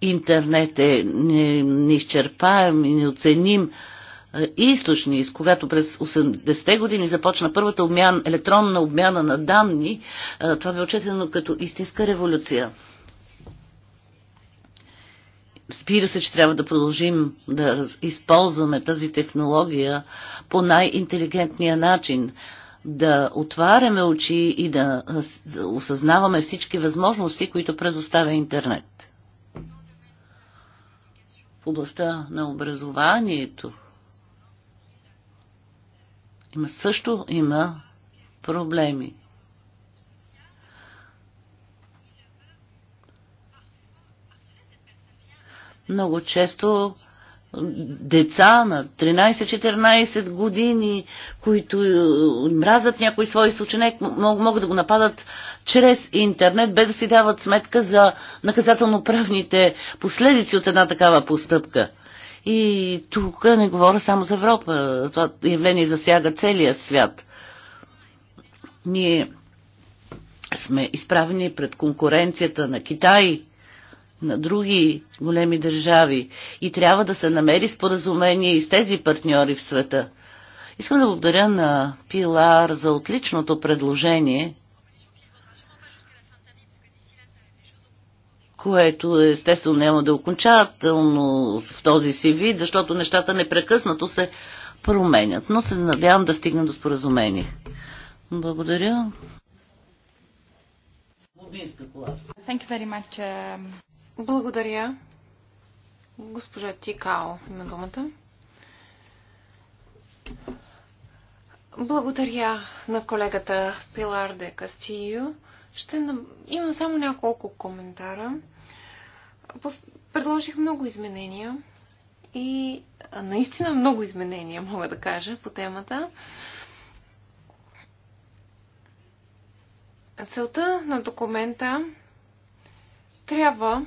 интернет е неизчерпаем и неоценим. Не е, източници, когато през 80-те години започна първата обмян, електронна обмяна на данни, е, това бе отчетено като истинска революция. Спира се, че трябва да продължим да използваме тази технология по най-интелигентния начин, да отваряме очи и да осъзнаваме всички възможности, които предоставя интернет. В областта на образованието – има, също има проблеми. Много често деца на 13-14 години, които е, мразят някой свой съученик, могат да го нападат чрез интернет, без да си дават сметка за наказателно-правните последици от една такава постъпка. И тук не говоря само за Европа. Това явление засяга целия свят. Ние сме изправени пред конкуренцията на Китай, на други големи държави и трябва да се намери споразумение и с тези партньори в света. Искам да благодаря на Пилар за отличното предложение – което естествено няма да е окончателно в този си вид, защото нещата непрекъснато се променят. Но се надявам да стигна до споразумение. Благодаря. Um, Благодаря. Госпожа Тикао има думата. Благодаря на колегата Пилар де Кастио. Ще... Имам само няколко коментара предложих много изменения и наистина много изменения, мога да кажа, по темата. Целта на документа трябва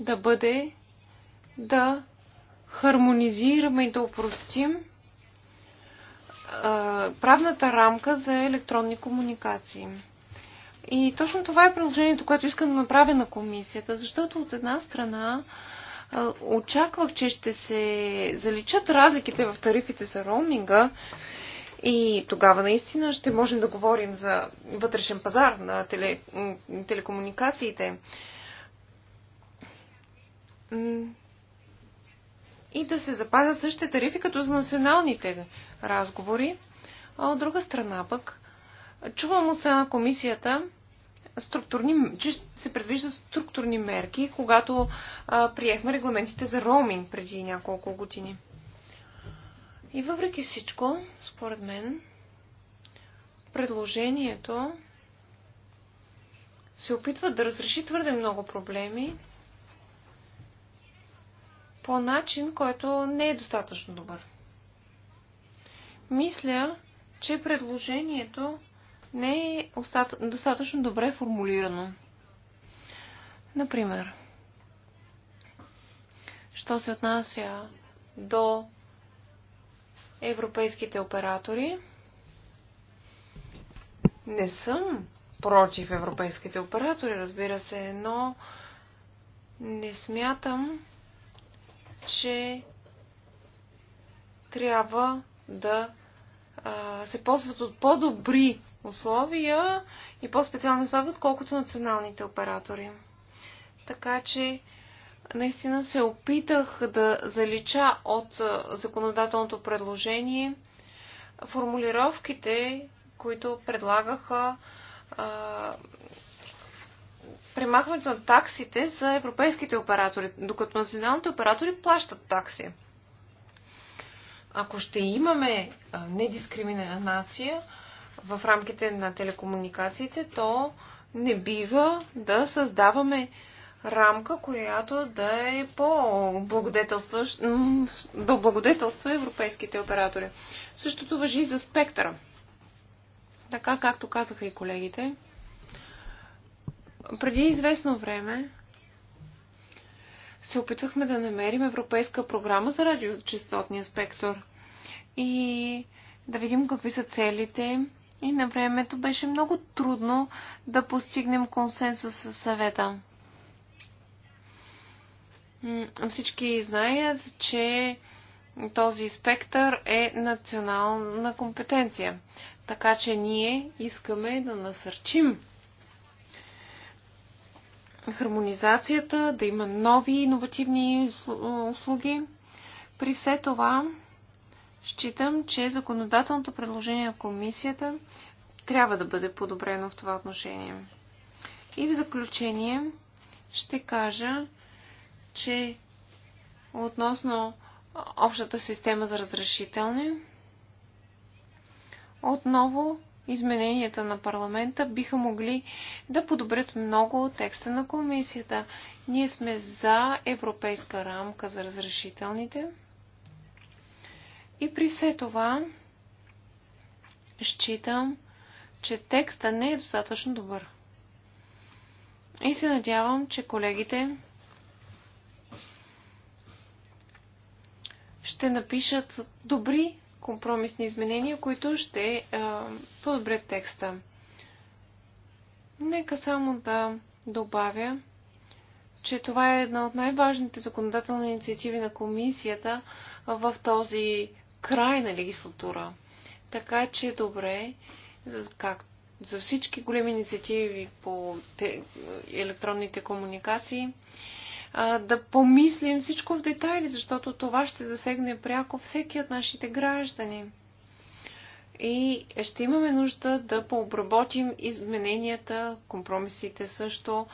да бъде да хармонизираме и да упростим правната рамка за електронни комуникации. И точно това е предложението, което искам да направя на комисията, защото от една страна очаквах, че ще се заличат разликите в тарифите за роуминга и тогава наистина ще можем да говорим за вътрешен пазар на теле, телекомуникациите. И да се запазят същите тарифи като за националните разговори. А от друга страна пък, чувам от страна комисията, структурни, че се предвиждат структурни мерки, когато а, приехме регламентите за роуминг преди няколко години. И въпреки всичко, според мен, предложението се опитва да разреши твърде много проблеми по начин, който не е достатъчно добър. Мисля, че предложението не е достатъчно добре формулирано. Например, що се отнася до европейските оператори, не съм против европейските оператори, разбира се, но не смятам, че трябва да а, се ползват от по-добри условия и по-специални условия, отколкото националните оператори. Така че наистина се опитах да залича от законодателното предложение формулировките, които предлагаха а, премахването на таксите за европейските оператори, докато националните оператори плащат такси. Ако ще имаме недискриминация, в рамките на телекомуникациите, то не бива да създаваме рамка, която да е по-благодетелства, да благодетелства европейските оператори. Същото въжи и за спектъра. Така, както казаха и колегите, преди известно време се опитвахме да намерим европейска програма за радиочастотния спектър и да видим какви са целите, и на времето беше много трудно да постигнем консенсус със съвета. Всички знаят, че този спектър е национална компетенция. Така че ние искаме да насърчим хармонизацията, да има нови иновативни услуги. При все това Считам, че законодателното предложение на комисията трябва да бъде подобрено в това отношение. И в заключение ще кажа, че относно общата система за разрешителни, отново измененията на парламента биха могли да подобрят много текста на комисията. Ние сме за европейска рамка за разрешителните. И при все това считам, че текста не е достатъчно добър. И се надявам, че колегите ще напишат добри компромисни изменения, които ще а, е, подобрят текста. Нека само да добавя, че това е една от най-важните законодателни инициативи на комисията в този край на легислатура. Така че е добре, за, как, за всички големи инициативи по те, електронните комуникации, а, да помислим всичко в детайли, защото това ще засегне пряко всеки от нашите граждани. И ще имаме нужда да пообработим измененията, компромисите също,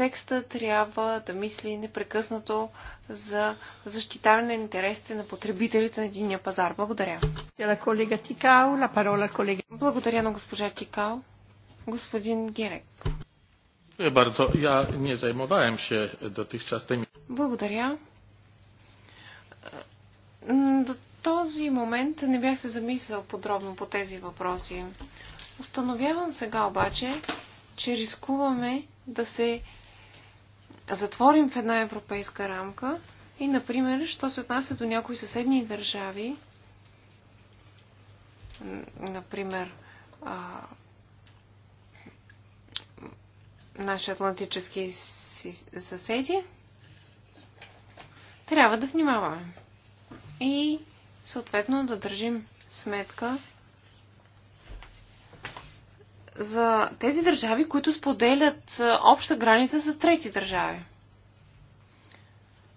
текста трябва да мисли непрекъснато за защитаване на интересите на потребителите на единния пазар. Благодаря. Благодаря на госпожа Тикао. Господин Герек. Благодаря. До този момент не бях се замислял подробно по тези въпроси. Установявам сега обаче, че рискуваме да се затворим в една европейска рамка и, например, що се отнася до някои съседни държави, например, а, наши атлантически съседи, трябва да внимаваме. И съответно да държим сметка за тези държави, които споделят е, обща граница с трети държави.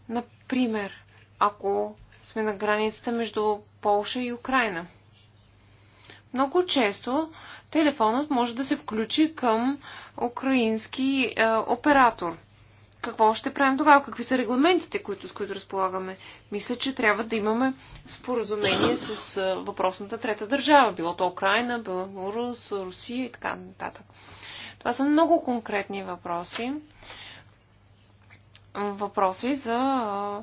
Например, ако сме на границата между Полша и Украина. Много често телефонът може да се включи към украински е, оператор – какво ще правим тогава? Какви са регламентите, които, с които разполагаме? Мисля, че трябва да имаме споразумение с въпросната трета държава. Било то Украина, Рус, Русия и така нататък. Това са много конкретни въпроси. Въпроси за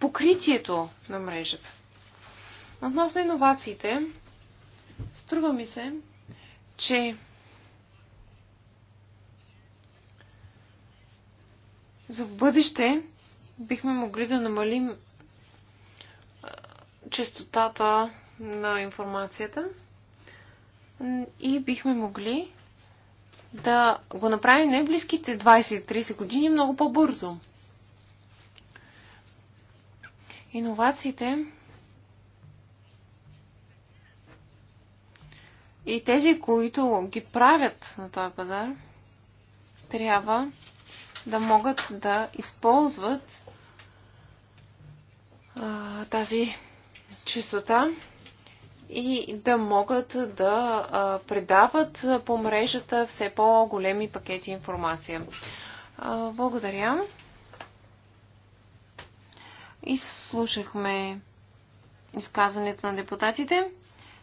покритието на мрежата. Относно иновациите, струва ми се, че За в бъдеще бихме могли да намалим частотата на информацията и бихме могли да го направим не близките 20-30 години, много по-бързо. Иновациите и тези, които ги правят на този пазар, трябва да могат да използват а, тази чистота и да могат да а, предават по мрежата все по-големи пакети информация. А, благодаря. И слушахме изказването на депутатите.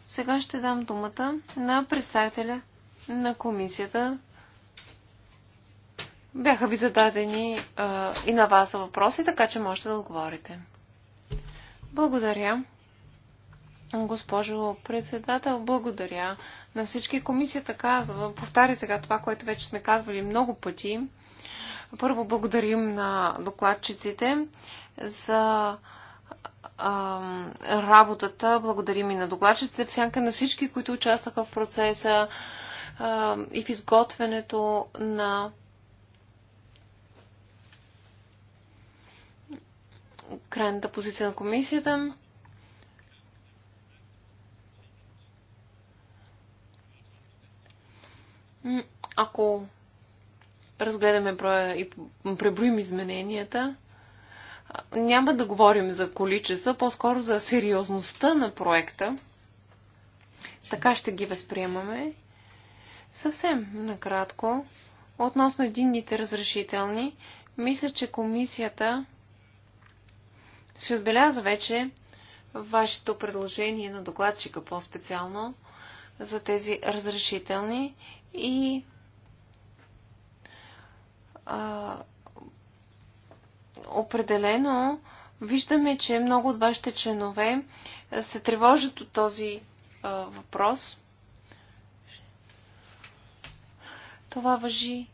Сега ще дам думата на представителя на комисията бяха ви зададени а, и на вас въпроси, така че можете да отговорите. Благодаря. Госпожо председател, благодаря на всички. Комисията казва, повтаря сега това, което вече сме казвали много пъти. Първо благодарим на докладчиците за а, работата. Благодарим и на докладчиците, всяка на всички, които участваха в процеса а, и в изготвянето на крайната позиция на комисията. Ако разгледаме броя и преброим измененията, няма да говорим за количества, по-скоро за сериозността на проекта. Така ще ги възприемаме. Съвсем накратко, относно единните разрешителни, мисля, че комисията ще отбеляза вече вашето предложение на докладчика по-специално за тези разрешителни и а, определено виждаме, че много от вашите членове се тревожат от този а, въпрос. Това въжи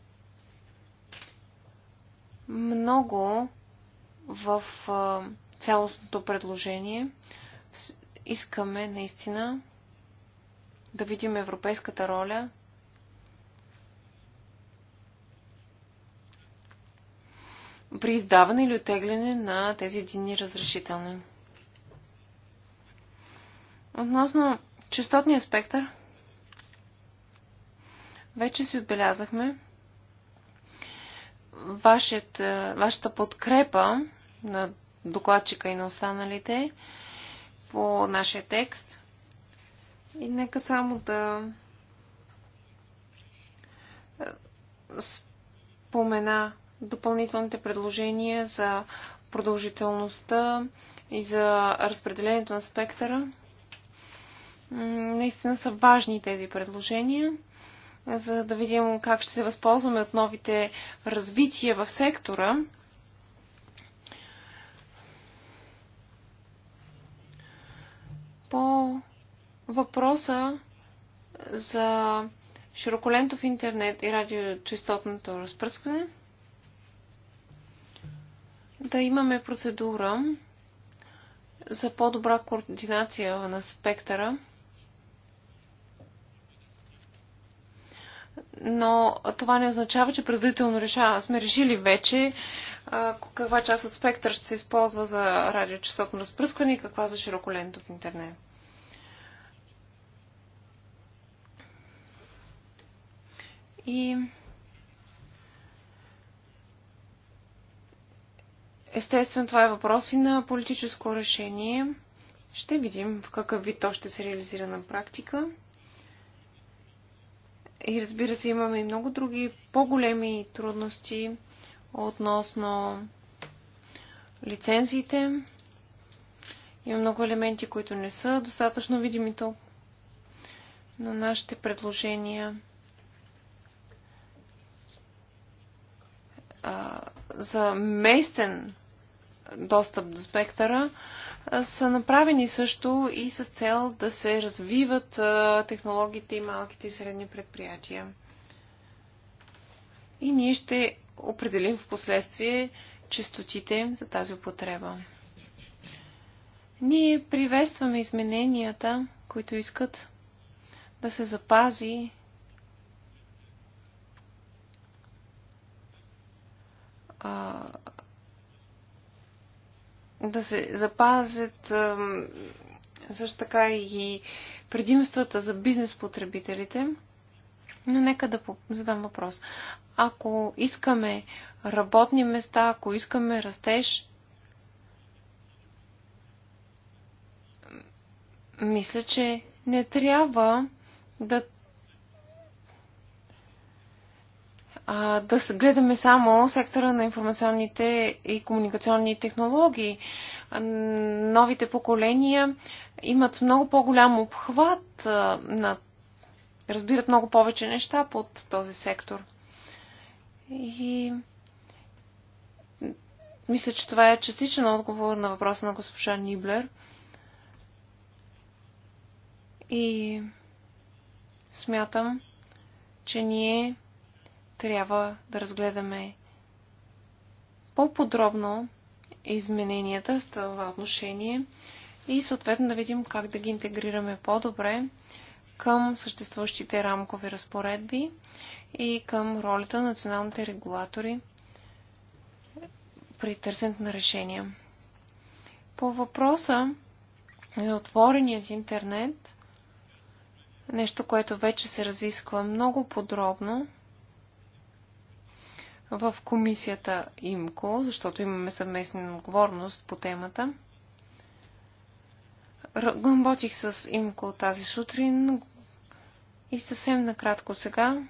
много в а, цялостното предложение. Искаме наистина да видим европейската роля при издаване или отегляне на тези единни разрешителни. Относно частотния спектър, вече си отбелязахме вашата подкрепа на докладчика и на останалите по нашия текст. И нека само да е, спомена допълнителните предложения за продължителността и за разпределението на спектъра. Наистина са важни тези предложения, за да видим как ще се възползваме от новите развития в сектора по въпроса за широколентов интернет и радиочастотното разпръскване, да имаме процедура за по-добра координация на спектъра, но това не означава, че предварително решава, сме решили вече каква част от спектър ще се използва за радиочастотно разпръскване и каква за широколентов интернет. И естествено това е въпрос и на политическо решение. Ще видим в какъв вид то ще се реализира на практика. И разбира се, имаме и много други по-големи трудности относно лицензиите. Има много елементи, които не са достатъчно видими тук на нашите предложения за местен достъп до спектъра са направени също и с цел да се развиват технологиите и малките и средни предприятия. И ние ще определим в последствие честотите за тази употреба. Ние приветстваме измененията, които искат да се запази да се запазят също така и предимствата за бизнес потребителите – но нека да задам въпрос. Ако искаме работни места, ако искаме растеж, мисля, че не трябва да а, да гледаме само сектора на информационните и комуникационни технологии. Новите поколения имат много по-голям обхват над разбират много повече неща под този сектор. И мисля, че това е частичен отговор на въпроса на госпожа Ниблер. И смятам, че ние трябва да разгледаме по-подробно измененията в това отношение и съответно да видим как да ги интегрираме по-добре към съществуващите рамкови разпоредби и към ролята на националните регулатори при търсенето на решения. По въпроса за отвореният интернет, нещо, което вече се разисква много подробно в комисията ИМКО, защото имаме съвместна отговорност по темата. Работих с Имко тази сутрин, и съвсем накратко сега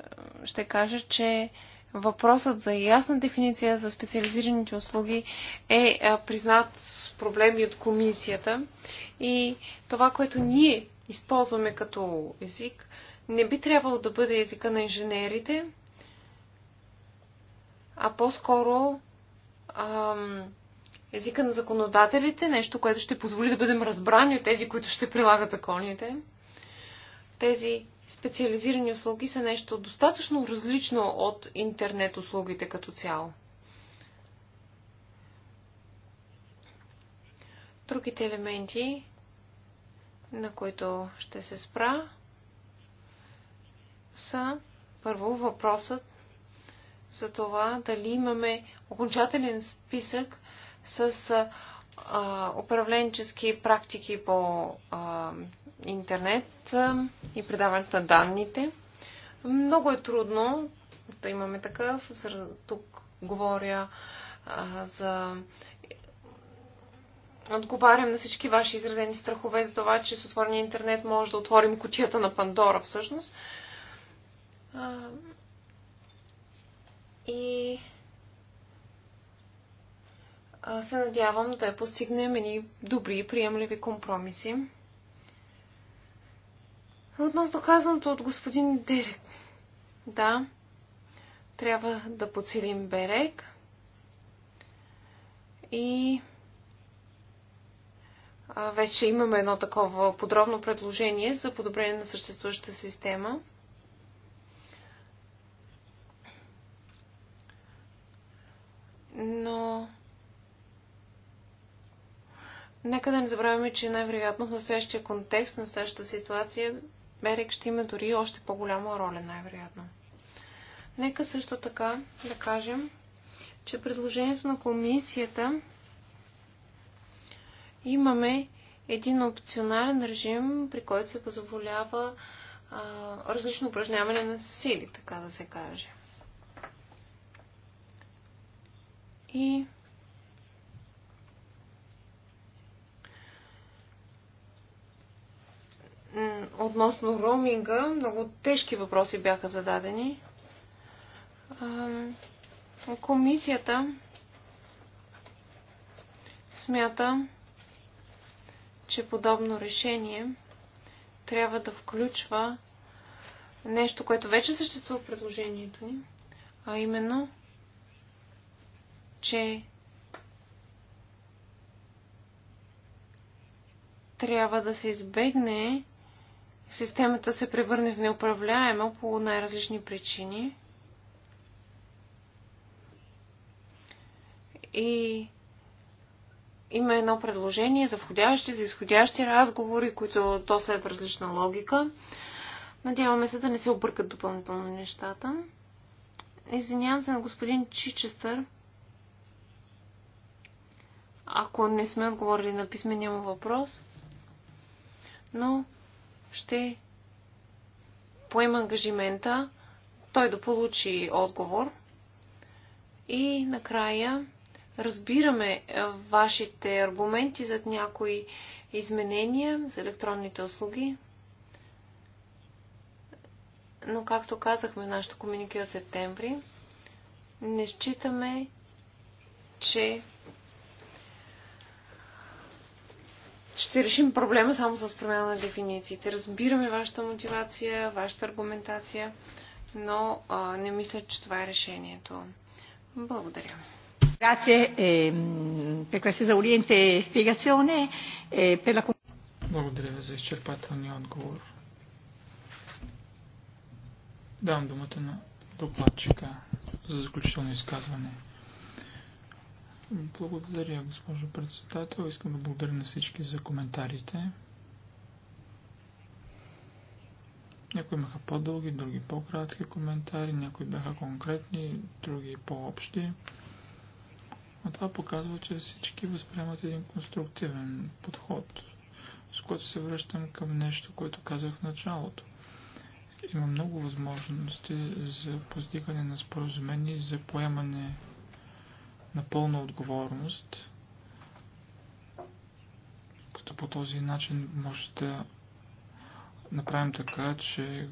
е, ще кажа, че въпросът за ясна дефиниция за специализираните услуги е, е признат с проблеми от комисията и това, което ние използваме като език, не би трябвало да бъде езика на инженерите, а по-скоро ам, езика на законодателите, нещо, което ще позволи да бъдем разбрани от тези, които ще прилагат законите. Тези специализирани услуги са нещо достатъчно различно от интернет услугите като цяло. Другите елементи, на които ще се спра, са първо въпросът за това дали имаме окончателен списък с а, управленчески практики по а, интернет и предаването на данните. Много е трудно да имаме такъв. Тук говоря а, за. Отговарям на всички ваши изразени страхове за това, че с отворения интернет може да отворим кутията на Пандора всъщност. А, и се надявам да постигнем едни добри и приемливи компромиси. Относно казаното от господин Дерек. Да, трябва да поцелим Берек и вече имаме едно такова подробно предложение за подобрение на съществуващата система. Но Нека да не забравяме, че най-вероятно в настоящия контекст, на настоящата ситуация, Берек ще има дори още по-голяма роля, най-вероятно. Нека също така да кажем, че предложението на комисията имаме един опционален режим, при който се позволява а, различно упражняване на сили, така да се каже. И относно роуминга, много тежки въпроси бяха зададени. Комисията смята, че подобно решение трябва да включва нещо, което вече съществува в предложението ни, а именно, че трябва да се избегне системата се превърне в неуправляема по най-различни причини. И има едно предложение за входящи, за изходящи разговори, които то са е в различна логика. Надяваме се да не се объркат допълнително нещата. Извинявам се на господин Чичестър. Ако не сме отговорили на писмения му въпрос, но ще поема ангажимента той да получи отговор. И накрая разбираме е, вашите аргументи за някои изменения за електронните услуги. Но, както казахме в нашата комюнике от септември, не считаме, че ще решим проблема само с промяна на дефинициите. Разбираме вашата мотивация, вашата аргументация, но а, не мисля, че това е решението. Благодаря. Grazie eh, per questa esauriente spiegazione e per la... Благодаря за изчерпателния отговор. Давам думата на докладчика за заключително изказване. Благодаря, госпожо председател. Искам да благодаря на всички за коментарите. Някои имаха по-дълги, други по-кратки коментари, някои бяха конкретни, други по-общи. Но това показва, че всички възприемат един конструктивен подход, с който се връщам към нещо, което казах в началото. Има много възможности за постигане на споразумение и за поемане на пълна отговорност, като по този начин може да направим така, че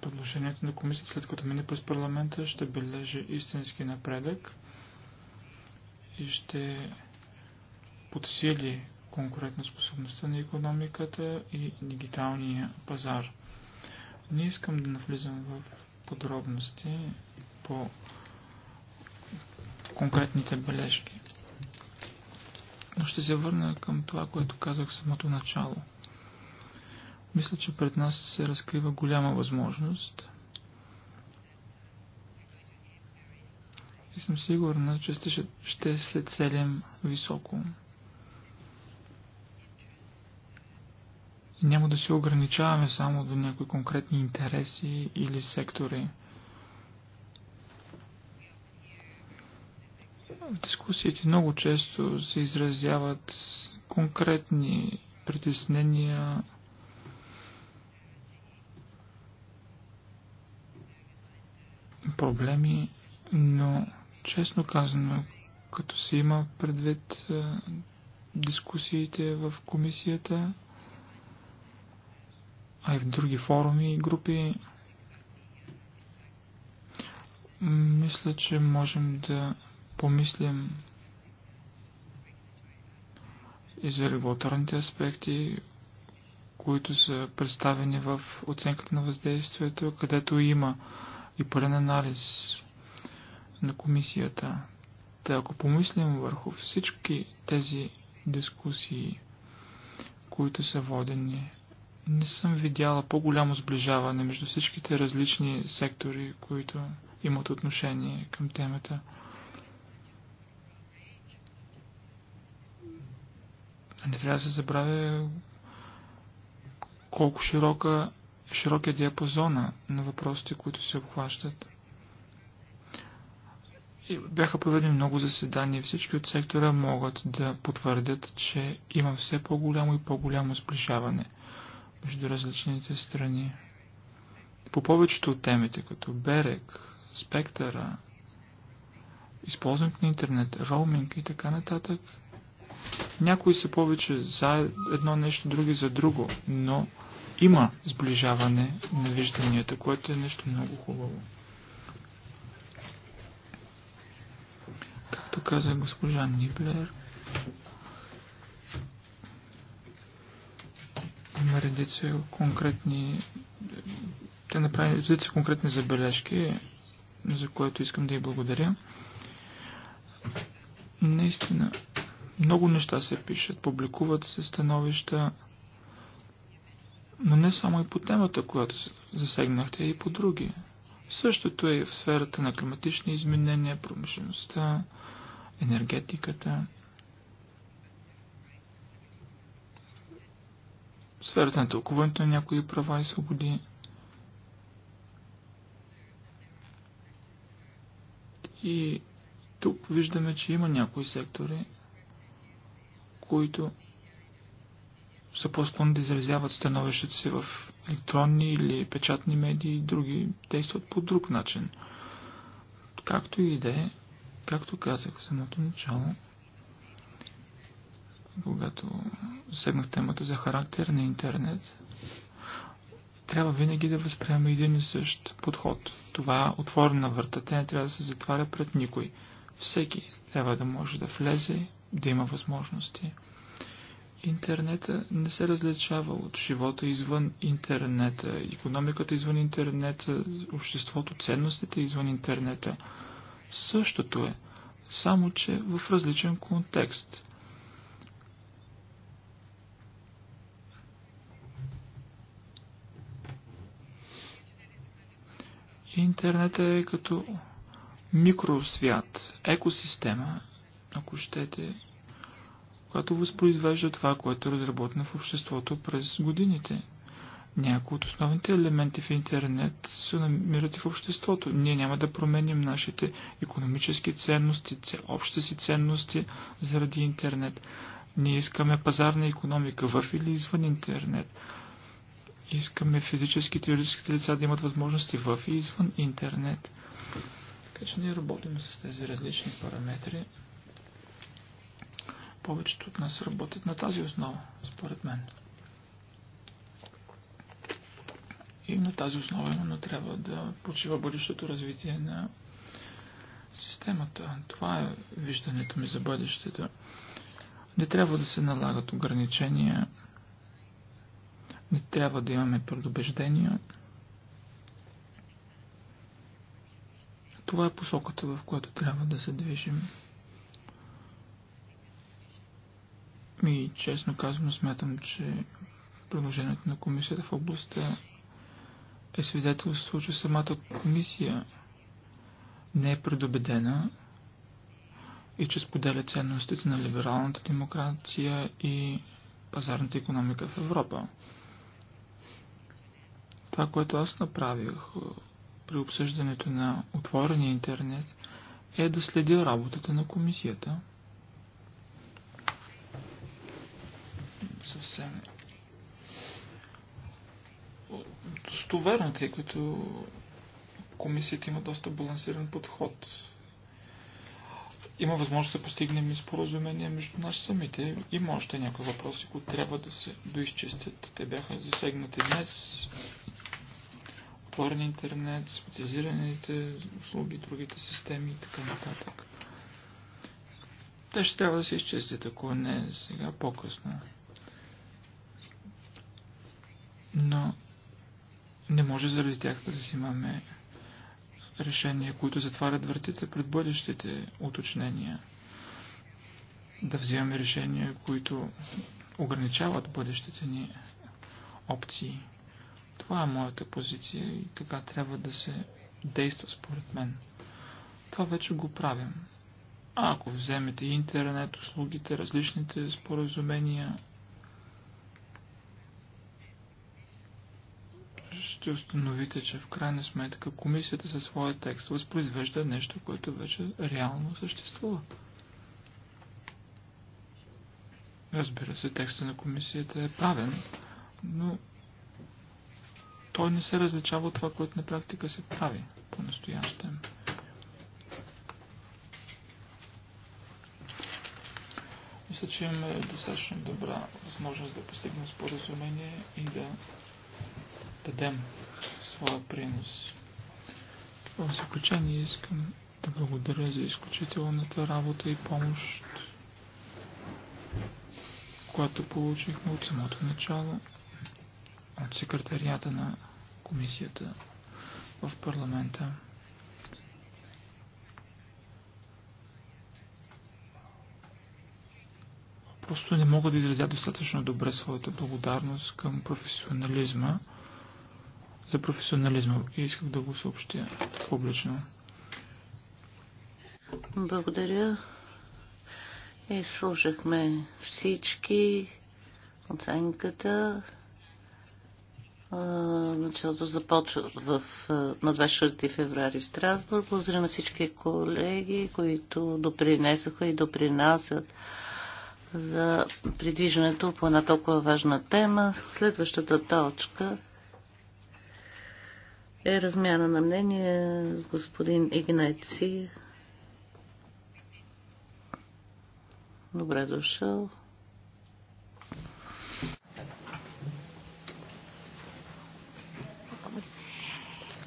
предложението на комисията, след като мине през парламента, ще бележи истински напредък и ще подсили конкурентоспособността на економиката и дигиталния пазар. Не искам да навлизам в подробности по конкретните бележки. Но ще се върна към това, което казах в самото начало. Мисля, че пред нас се разкрива голяма възможност. И съм сигурна, че ще, ще се целим високо. И няма да се ограничаваме само до някои конкретни интереси или сектори. В дискусиите много често се изразяват конкретни притеснения, проблеми, но честно казано, като се има предвид дискусиите в комисията, а и в други форуми и групи, мисля, че можем да помислим и за регулаторните аспекти, които са представени в оценката на въздействието, където има и пълен анализ на комисията. Та ако помислим върху всички тези дискусии, които са водени, не съм видяла по-голямо сближаване между всичките различни сектори, които имат отношение към темата. Не трябва да се забравя колко широка, широк е диапазона на въпросите, които се обхващат. И бяха проведени много заседания. Всички от сектора могат да потвърдят, че има все по-голямо и по-голямо сближаване между различните страни. По повечето от темите, като Берег, Спектъра, използването на интернет, роуминг и така нататък, някои са повече за едно нещо, други за друго, но има сближаване на вижданията, което е нещо много хубаво. Както каза госпожа Ниблер, има редица конкретни... Те направили редица конкретни забележки, за което искам да й благодаря. Наистина, много неща се пишат, публикуват се становища, но не само и по темата, която засегнахте, и по други. Същото е и в сферата на климатични изменения, промишлеността, енергетиката. сферата на тълкуването на някои права и свободи. И тук виждаме, че има някои сектори, които са по-склонни да изразяват становището си в електронни или печатни медии, други действат по друг начин. Както и да е, както казах в самото начало, когато засегнах темата за характер на интернет, трябва винаги да възприема един и същ подход. Това е отворена врата. Тя не трябва да се затваря пред никой. Всеки трябва да може да влезе да има възможности. Интернета не се различава от живота извън интернета, економиката извън интернета, обществото, ценностите извън интернета. Същото е, само че в различен контекст. Интернет е като микросвят, екосистема, ако щете, която възпроизвежда това, което е разработено в обществото през годините. Някои от основните елементи в интернет се намират и в обществото. Ние няма да променим нашите економически ценности, общите си ценности заради интернет. Ние искаме пазарна економика в или извън интернет. Искаме физическите и юридическите лица да имат възможности в и извън интернет. Така че ние работим с тези различни параметри. Повечето от нас работят на тази основа, според мен. И на тази основа именно трябва да почива бъдещото развитие на системата. Това е виждането ми за бъдещето. Не трябва да се налагат ограничения, не трябва да имаме предубеждения. Това е посоката, в която трябва да се движим. Ми, честно казвам, смятам, че предложението на комисията в областта е свидетелство, че самата комисия не е предубедена и че споделя ценностите на либералната демокрация и пазарната економика в Европа. Това, което аз направих при обсъждането на отворения интернет, е да следя работата на комисията – съвсем достоверно, тъй като комисията има доста балансиран подход. Има възможност да постигнем и споразумение между нас самите. Има още някои въпроси, които трябва да се доизчистят. Те бяха засегнати днес. Отворен интернет, специализираните услуги, другите системи и така нататък. Те ще трябва да се изчистят, ако не сега, по-късно но не може заради тях да взимаме решения, които затварят вратите пред бъдещите уточнения. Да взимаме решения, които ограничават бъдещите ни опции. Това е моята позиция и така трябва да се действа според мен. Това вече го правим. А ако вземете интернет, услугите, различните споразумения, ще установите, че в крайна сметка комисията със своя текст възпроизвежда нещо, което вече реално съществува. Разбира се, текста на комисията е правен, но той не се различава от това, което на практика се прави по-настоящем. Мисля, че имаме достатъчно добра възможност да постигнем споразумение и да дадем своя принос. В заключение искам да благодаря за изключителната работа и помощ, която получихме от самото начало, от секретарията на комисията в парламента. Просто не мога да изразя достатъчно добре своята благодарност към професионализма, за професионализма и исках да го съобщя публично. Благодаря. И слушахме всички оценката. Началото започва в, на 24 феврари в Страсбург. Благодаря на всички колеги, които допринесоха и допринасят за придвижването по една толкова важна тема. Следващата точка е размяна на мнение с господин Игнеци. Добре дошъл.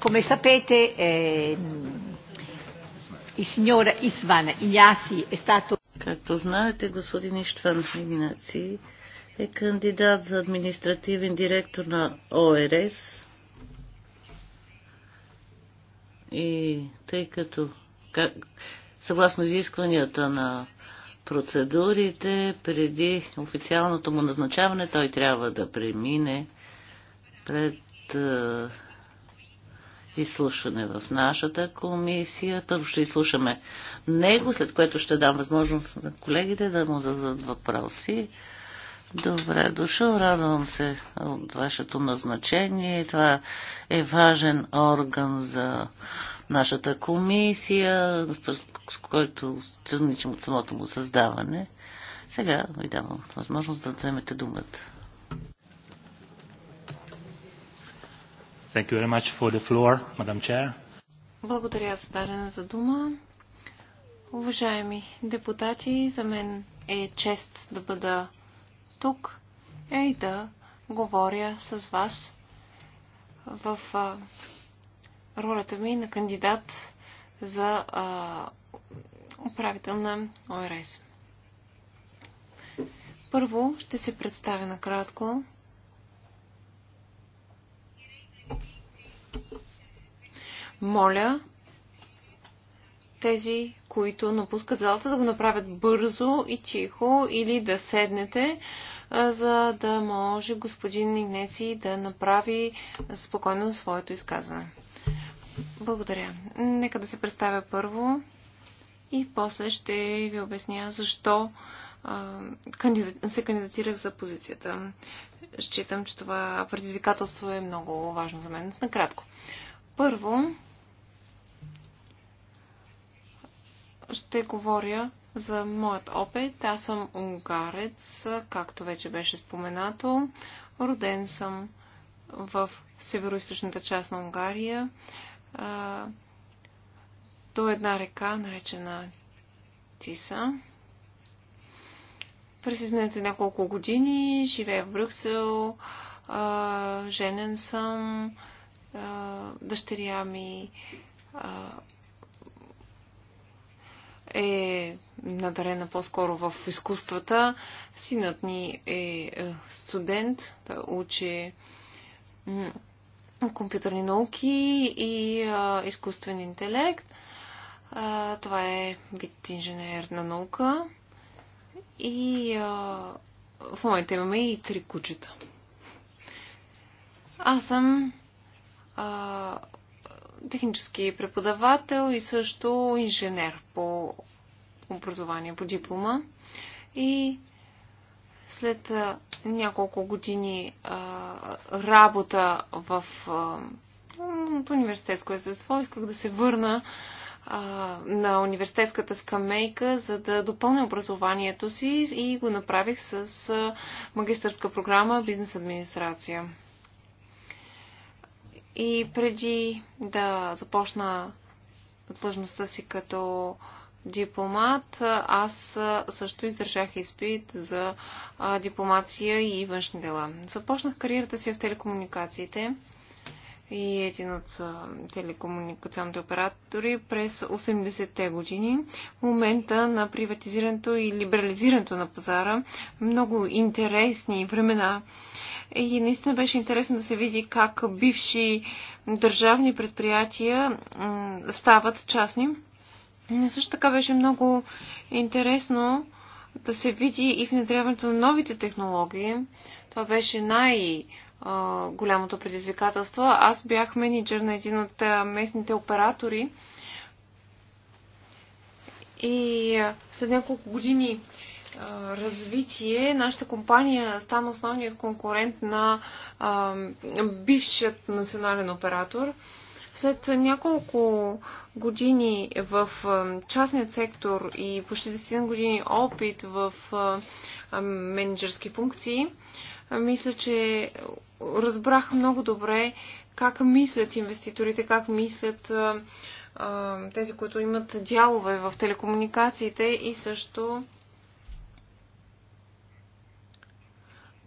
Come sapete, eh, il signor Isvan Ignasi è stato... Както знаете, господин Иштван Игнаци е кандидат за административен директор на ОРС и тъй като как, съгласно изискванията на процедурите, преди официалното му назначаване той трябва да премине пред е, изслушване в нашата комисия. Първо ще изслушаме него, след което ще дам възможност на колегите да му зададат въпроси. Добре, дошъл. Радвам се от вашето назначение. Това е важен орган за нашата комисия, с който сътрудничам от самото му създаване. Сега ви давам възможност да вземете думата. Thank you very much for the floor, Madam Chair. Благодаря за дадена за дума. Уважаеми депутати, за мен е чест да бъда тук е и да говоря с вас в а, ролята ми на кандидат за а, управител на ОРС. Първо ще се представя накратко. Моля, тези, които напускат залата, да го направят бързо и тихо или да седнете, за да може господин Игнеци да направи спокойно своето изказване. Благодаря. Нека да се представя първо и после ще ви обясня защо се кандидатирах за позицията. Считам, че това предизвикателство е много важно за мен. Накратко. Първо, ще говоря за моят опит. Аз съм унгарец, както вече беше споменато. Роден съм в северо част на Унгария до една река, наречена Тиса. През изминалите няколко години живея в Брюксел, женен съм, дъщеря ми е надарена по-скоро в изкуствата. Синът ни е, е студент, да учи компютърни науки и изкуствен интелект. това е вид инженер на наука. И в момента имаме и три кучета. Аз съм технически преподавател и също инженер по образование, по диплома. И след няколко години работа в университетско естество, исках да се върна на университетската скамейка, за да допълня образованието си и го направих с магистърска програма бизнес администрация. И преди да започна длъжността си като дипломат, аз също издържах изпит за дипломация и външни дела. Започнах кариерата си в телекомуникациите и един от телекомуникационните оператори през 80-те години. В момента на приватизирането и либерализирането на пазара много интересни времена и наистина беше интересно да се види как бивши държавни предприятия стават частни. Но също така беше много интересно да се види и внедряването на новите технологии. Това беше най- голямото предизвикателство. Аз бях менеджер на един от местните оператори и след няколко години развитие нашата компания стана основният конкурент на а, бившият национален оператор. След няколко години в частният сектор и почти 10 години опит в а, менеджерски функции, мисля, че разбрах много добре как мислят инвеститорите, как мислят а, тези, които имат дялове в телекомуникациите и също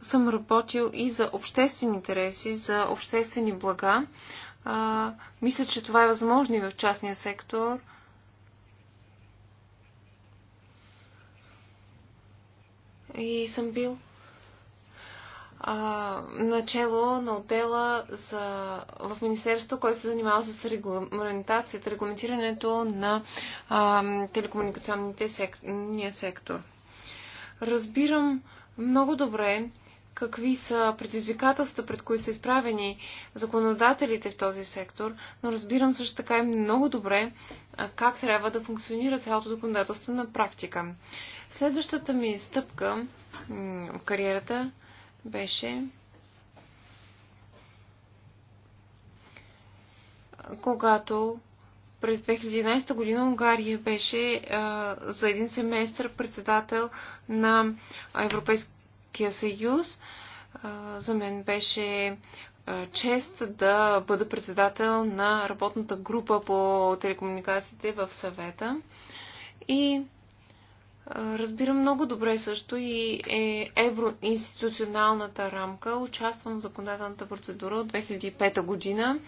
съм работил и за обществени интереси, за обществени блага. А, мисля, че това е възможно и в частния сектор. И съм бил а, начало на отдела за, в Министерството, който се занимава с регламентацията, регламентирането на а, телекомуникационните сек, сектор. Разбирам много добре какви са предизвикателства, пред които са изправени законодателите в този сектор, но разбирам също така и много добре как трябва да функционира цялото законодателство на практика. Следващата ми стъпка в кариерата беше когато през 2011 година Унгария беше а, за един семестър председател на Европейския Европейския съюз. За мен беше чест да бъда председател на работната група по телекомуникациите в съвета. И разбирам много добре също и е евроинституционалната рамка. Участвам в законодателната процедура от 2005 година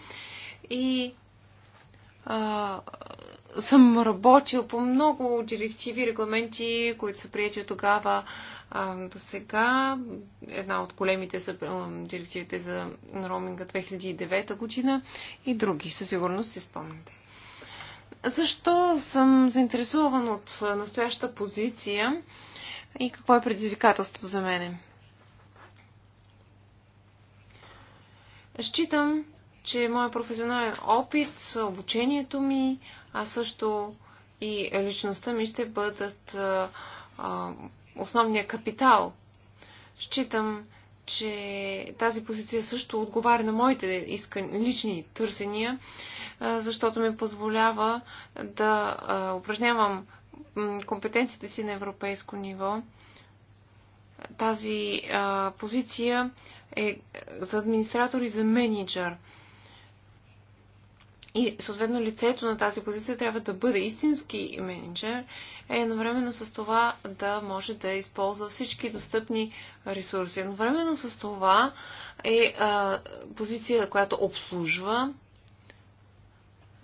и а, съм работил по много директиви, регламенти, които са прияти тогава до сега една от големите са директивите за роуминга 2009 година и други, със сигурност си спомняте. Защо съм заинтересован от настоящата позиция и какво е предизвикателство за мене? Считам, че моят професионален опит, обучението ми, а също и личността ми ще бъдат а, а, основния капитал. Считам, че тази позиция също отговаря на моите лични търсения, защото ми позволява да упражнявам компетенциите си на европейско ниво. Тази позиция е за администратор и за менеджер – и съответно лицето на тази позиция трябва да бъде истински менеджер, е едновременно с това да може да използва всички достъпни ресурси. Едновременно с това е а, позиция, която обслужва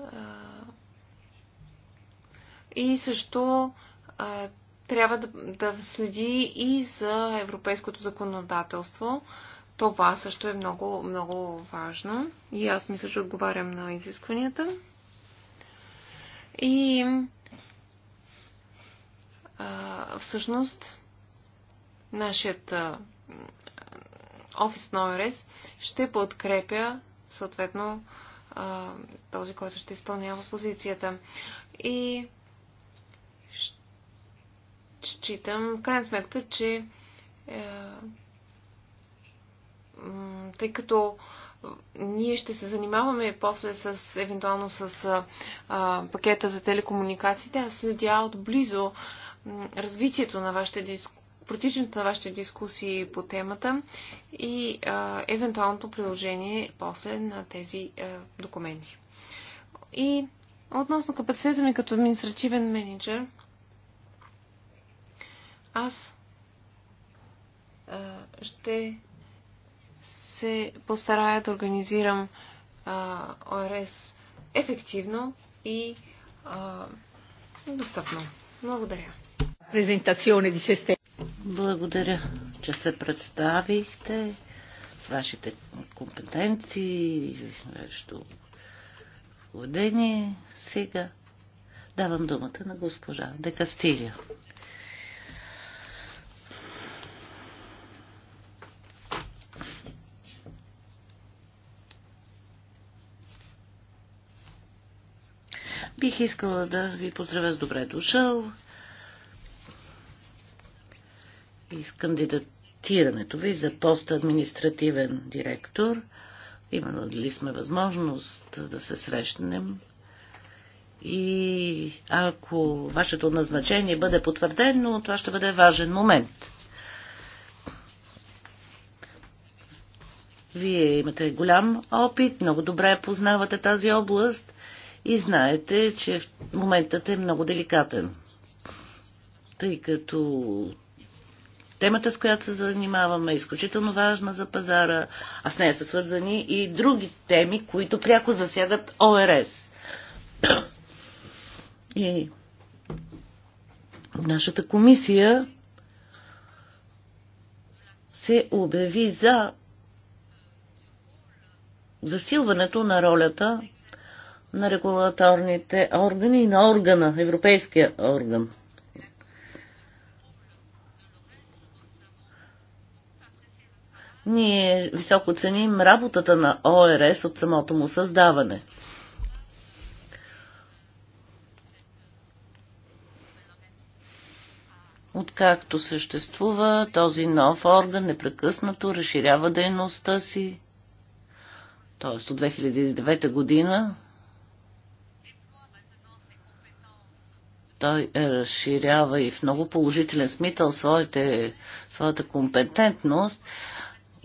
а, и също а, трябва да, да следи и за европейското законодателство. А, това също е много, много важно и аз мисля, че отговарям на изискванията. И а, всъщност нашият а, офис на ОРС ще подкрепя съответно а, този, който ще изпълнява позицията. И считам, в крайна сметка, че а, тъй като ние ще се занимаваме после с, евентуално с а, пакета за телекомуникациите. Аз следя отблизо развитието на вашите дискусии протичането на вашите дискусии по темата и а, евентуалното приложение после на тези а, документи. И относно капацитета ми като административен менеджер, аз а, ще се постарая да организирам а, ОРС ефективно и а, достъпно. Благодаря. Презентационе се сте. Благодаря, че се представихте с вашите компетенции, вашето поведение. Сега давам думата на госпожа Декастилия. Бих искала да ви поздравя с добре дошъл и с кандидатирането ви за пост административен директор. Именно ли сме възможност да се срещнем и ако вашето назначение бъде потвърдено, това ще бъде важен момент. Вие имате голям опит, много добре познавате тази област и знаете, че моментът е много деликатен. Тъй като темата, с която се занимаваме, е изключително важна за пазара, а с нея са свързани и други теми, които пряко засягат ОРС. И нашата комисия се обяви за засилването на ролята на регулаторните органи и на органа, европейския орган. Ние високо ценим работата на ОРС от самото му създаване. Откакто съществува, този нов орган непрекъснато разширява дейността си. Т.е. от 2009 година Той е, разширява и в много положителен смисъл своите, своята компетентност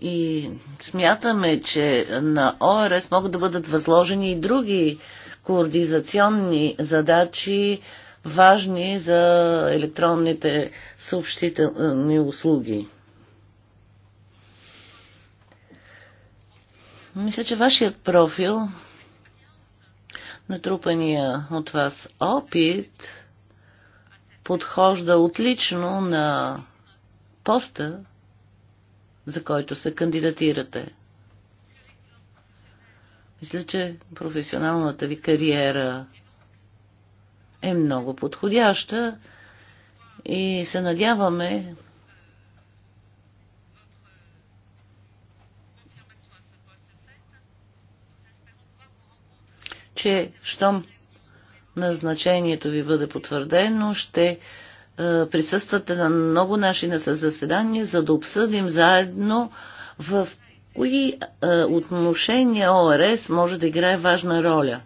и смятаме, че на ОРС могат да бъдат възложени и други координационни задачи, важни за електронните съобщителни услуги. Мисля, че вашият профил, натрупания от вас опит, подхожда отлично на поста, за който се кандидатирате. Мисля, че професионалната ви кариера е много подходяща и се надяваме че щом назначението ви бъде потвърдено, ще е, присъствате на много наши на заседания, за да обсъдим заедно в кои е, отношения ОРС може да играе важна роля.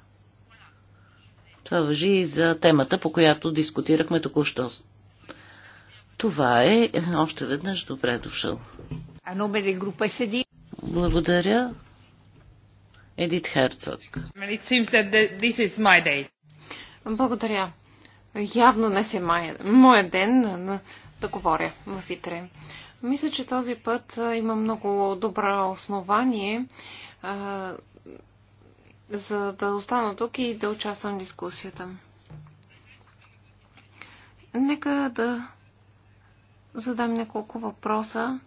Това въжи и за темата, по която дискутирахме току-що. Това е, е още веднъж добре дошъл. А номер е група седи. Благодаря. Едит Херцог. Благодаря. Явно не се мая. моя ден да говоря в Итре. Мисля, че този път има много добро основание а, за да остана тук и да участвам в дискусията. Нека да задам няколко въпроса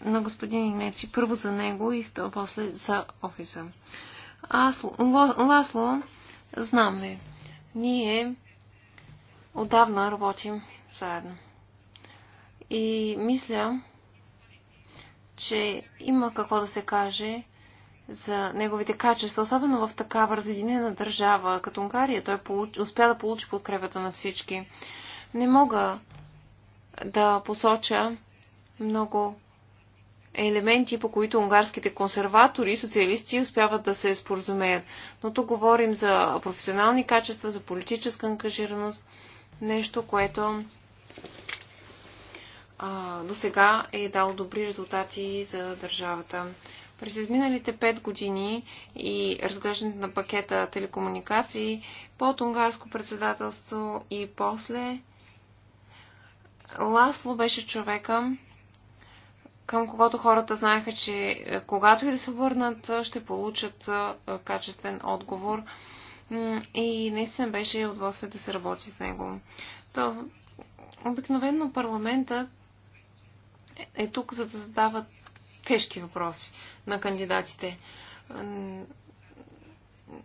на господин Игнеци. Първо за него и второ, после за офиса. Аз, Ласло, знам ли, ние отдавна работим заедно. И мисля, че има какво да се каже за неговите качества, особено в такава разединена държава като Унгария. Той получи, успя да получи подкрепата на всички. Не мога да посоча много елементи, по които унгарските консерватори и социалисти успяват да се споразумеят. Но тук говорим за професионални качества, за политическа ангажираност, нещо, което до сега е дал добри резултати за държавата. През изминалите 5 години и разглеждането на пакета телекомуникации под унгарско председателство и после Ласло беше човека, към когото хората знаеха, че е, когато и да се обърнат, е, ще получат е, качествен отговор. И наистина беше удоволствие да се работи с него. То, обикновенно парламента е тук, за да задават тежки въпроси на кандидатите.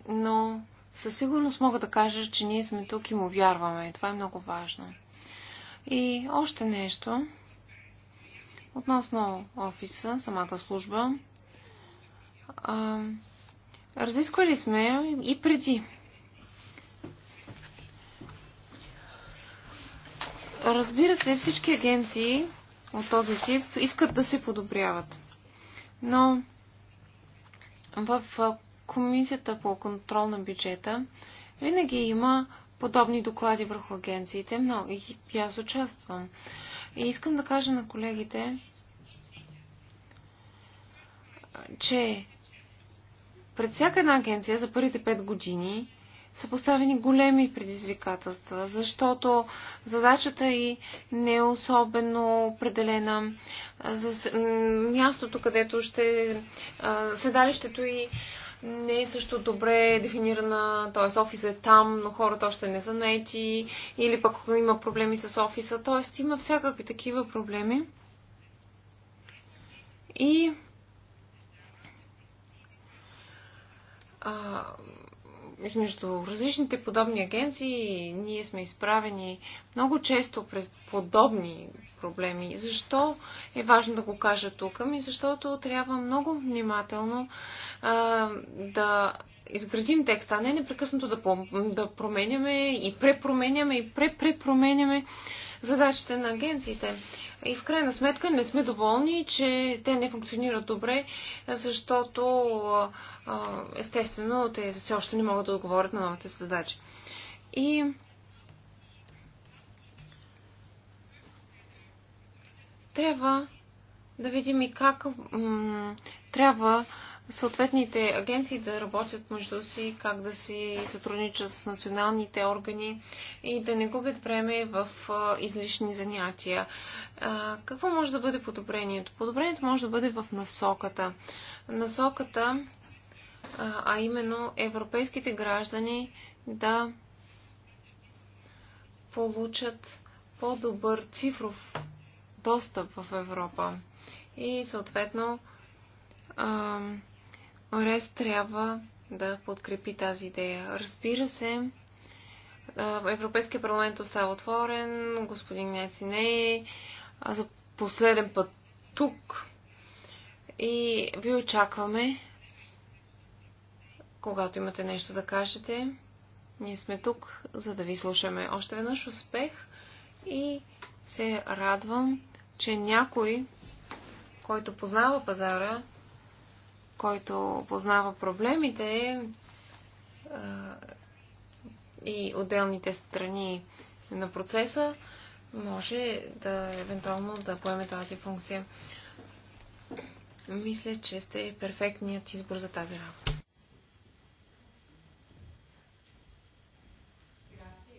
Но със сигурност мога да кажа, че ние сме тук и му вярваме. Това е много важно. И още нещо. Относно офиса, самата служба, а, разисквали сме и преди. Разбира се, всички агенции от този тип искат да се подобряват. Но в Комисията по контрол на бюджета винаги има подобни доклади върху агенциите, но и аз участвам. И искам да кажа на колегите, че пред всяка една агенция за първите 5 години са поставени големи предизвикателства, защото задачата и не е особено определена за мястото, където ще седалището и не е също добре дефинирана, т.е. офиса е там, но хората още не са наети, или пък има проблеми с офиса, т.е. има всякакви такива проблеми. И а, между различните подобни агенции ние сме изправени много често през подобни проблеми. Защо е важно да го кажа тук? Ами защото трябва много внимателно а, да изградим текста, а не непрекъснато да, да променяме и препроменяме и препрепроменяме. -пре задачите на агенциите. И в крайна сметка не сме доволни, че те не функционират добре, защото естествено те все още не могат да отговорят на новите задачи. И трябва да видим и как трябва съответните агенции да работят между си, как да си сътрудничат с националните органи и да не губят време в излишни занятия. Какво може да бъде подобрението? Подобрението може да бъде в насоката. Насоката, а именно европейските граждани да получат по-добър цифров достъп в Европа и съответно Орест трябва да подкрепи тази идея. Разбира се, Европейския парламент остава отворен, господин Няци не е, за последен път тук и ви очакваме, когато имате нещо да кажете. Ние сме тук, за да ви слушаме. Още веднъж успех и се радвам, че някой, който познава пазара, който познава проблемите е, и отделните страни на процеса, може да евентуално да поеме тази функция. Мисля, че сте перфектният избор за тази работа.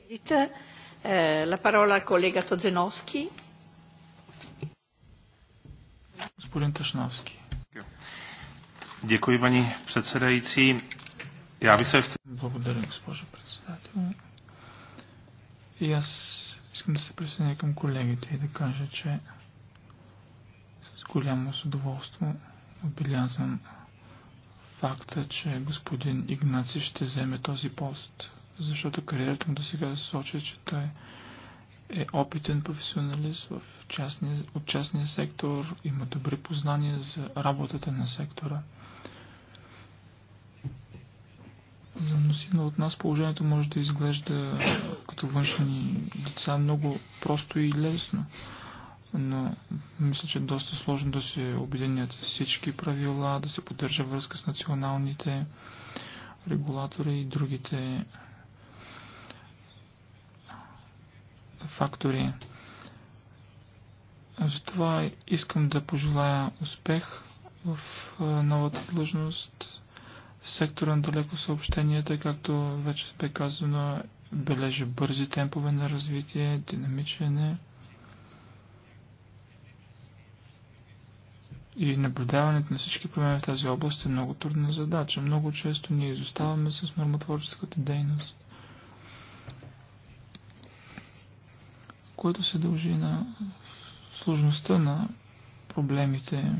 Е, la parola al collega Господин Тошновски. Děkuji, paní předsedající. Já bych se chtěl... Благодаря, госпожо председател. И аз искам да се присъединя към колегите и да кажа, че с голямо задоволство отбелязвам факта, че господин Игнаци ще вземе този пост, защото кариерата му до сега сочи, че той е е опитен професионалист в частния, от частния сектор, има добри познания за работата на сектора. За мнозина от нас положението може да изглежда като външни деца много просто и лесно, но мисля, че е доста сложно да се обединят всички правила, да се поддържа връзка с националните регулатори и другите фактори. Затова искам да пожелая успех в новата длъжност. Сектора на далеко съобщенията, както вече бе казано, бележи бързи темпове на развитие, динамичен е. И наблюдаването на всички проблеми в тази област е много трудна задача. Много често ние изоставаме с нормотворческата дейност. което се дължи на сложността на проблемите.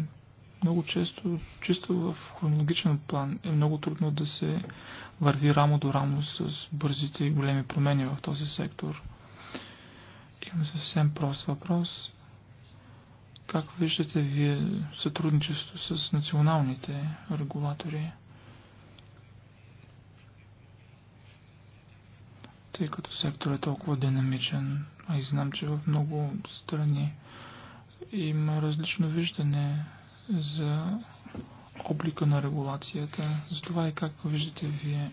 Много често, чисто в хронологичен план, е много трудно да се върви рамо до рамо с бързите и големи промени в този сектор. Имам съвсем прост въпрос. Как виждате вие сътрудничество с националните регулатори? Тъй като секторът е толкова динамичен, а и знам, че в много страни има различно виждане за облика на регулацията. Затова и как виждате вие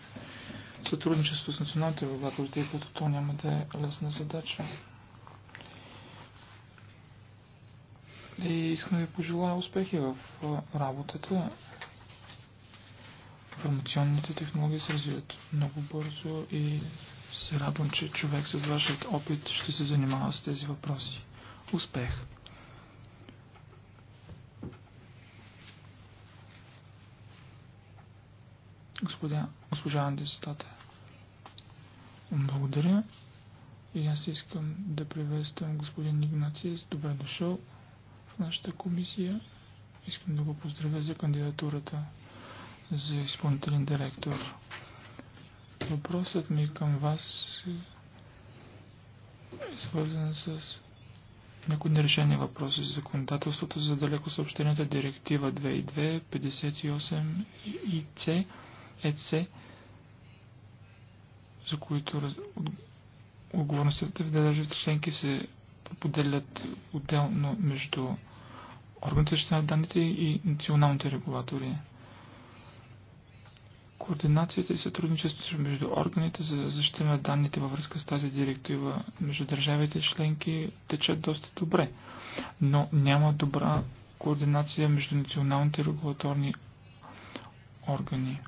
сътрудничество с националните регулатори, тъй като то няма да е лесна задача. И искам да ви пожелая успехи в работата. Информационните технологии се развиват много бързо и се радвам, че човек с вашият опит ще се занимава с тези въпроси. Успех! Господя, госпожа Андесатата. Благодаря. И аз искам да приветствам господин Игнациес. Добре дошъл в нашата комисия. Искам да го поздравя за кандидатурата за изпълнителен директор. Въпросът ми към вас е свързан с някои нерешени въпроси за законодателството за далеко съобщената директива 2.2.58 58 C, ЕЦ, за които отговорностите в държавите членки се поделят отделно между органите на данните и националните регулатори. Координацията и сътрудничеството между органите за защита на данните във връзка с тази директива между държавите членки течат доста добре, но няма добра координация между националните регулаторни органи.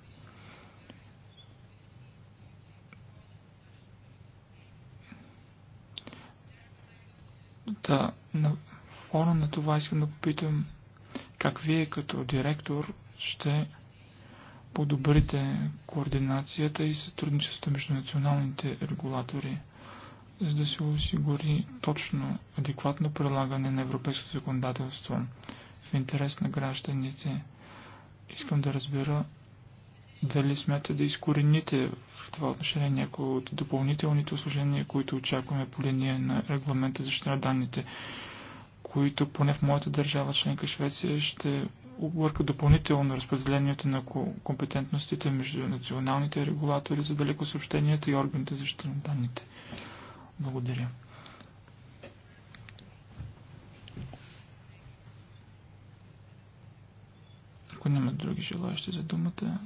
Да, на фона на това искам да попитам как вие като директор ще подобрите координацията и сътрудничеството между националните регулатори, за да се осигури точно, адекватно прилагане на европейското законодателство в интерес на гражданите. Искам да разбера дали смята да изкорените в това отношение някои от допълнителните услужения, които очакваме по линия на регламента за защита на данните, които поне в моята държава, членка Швеция, ще обърка допълнително разпределението на компетентностите между националните регулатори за далеко съобщенията и органите за защита на данните. Благодаря. Ако няма други желаящи за думата,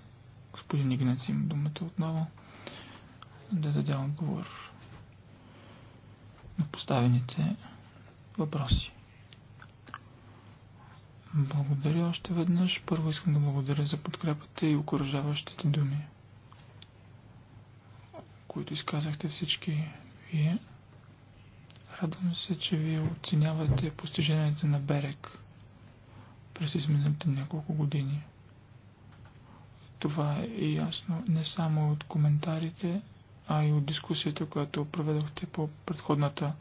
господин Игнец има думата отново да даде отговор на поставените въпроси. Благодаря още веднъж. Първо искам да благодаря за подкрепата и окоръжаващите думи, които изказахте всички вие. Радвам се, че вие оценявате постиженията на Берек през изминалите няколко години. Това е ясно не само от коментарите, а и от дискусията, която проведохте по предходната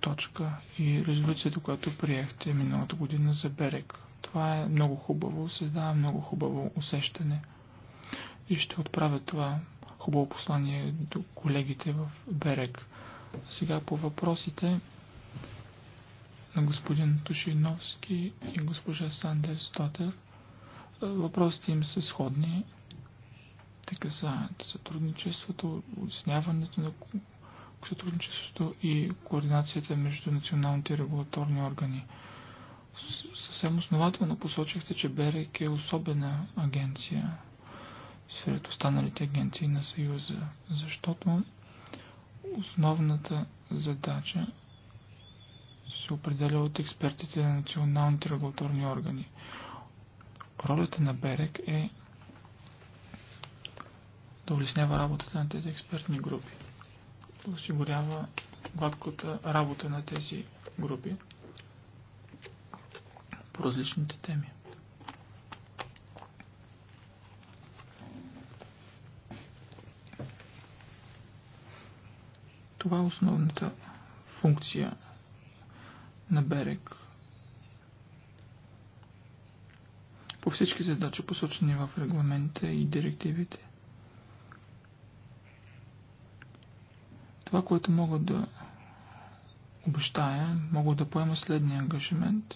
точка и резолюцията, която приехте миналата година за Берег. Това е много хубаво, създава много хубаво усещане. И ще отправя това хубаво послание до колегите в Берег. Сега по въпросите на господин Тушиновски и госпожа Сандерс Дотер. Въпросите им са сходни. Те касаят сътрудничеството, обясняването на сътрудничеството и координацията между националните регулаторни органи. Съвсем основателно посочихте, че БЕРЕК е особена агенция сред останалите агенции на Съюза, защото основната задача се определя от експертите на националните регулаторни органи. Ролята на БЕРЕК е да улеснява работата на тези експертни групи осигурява гладката работа на тези групи по различните теми. Това е основната функция на Берег. По всички задачи, посочени в регламента и директивите – Това, което мога да обещая, мога да поема следния ангажимент.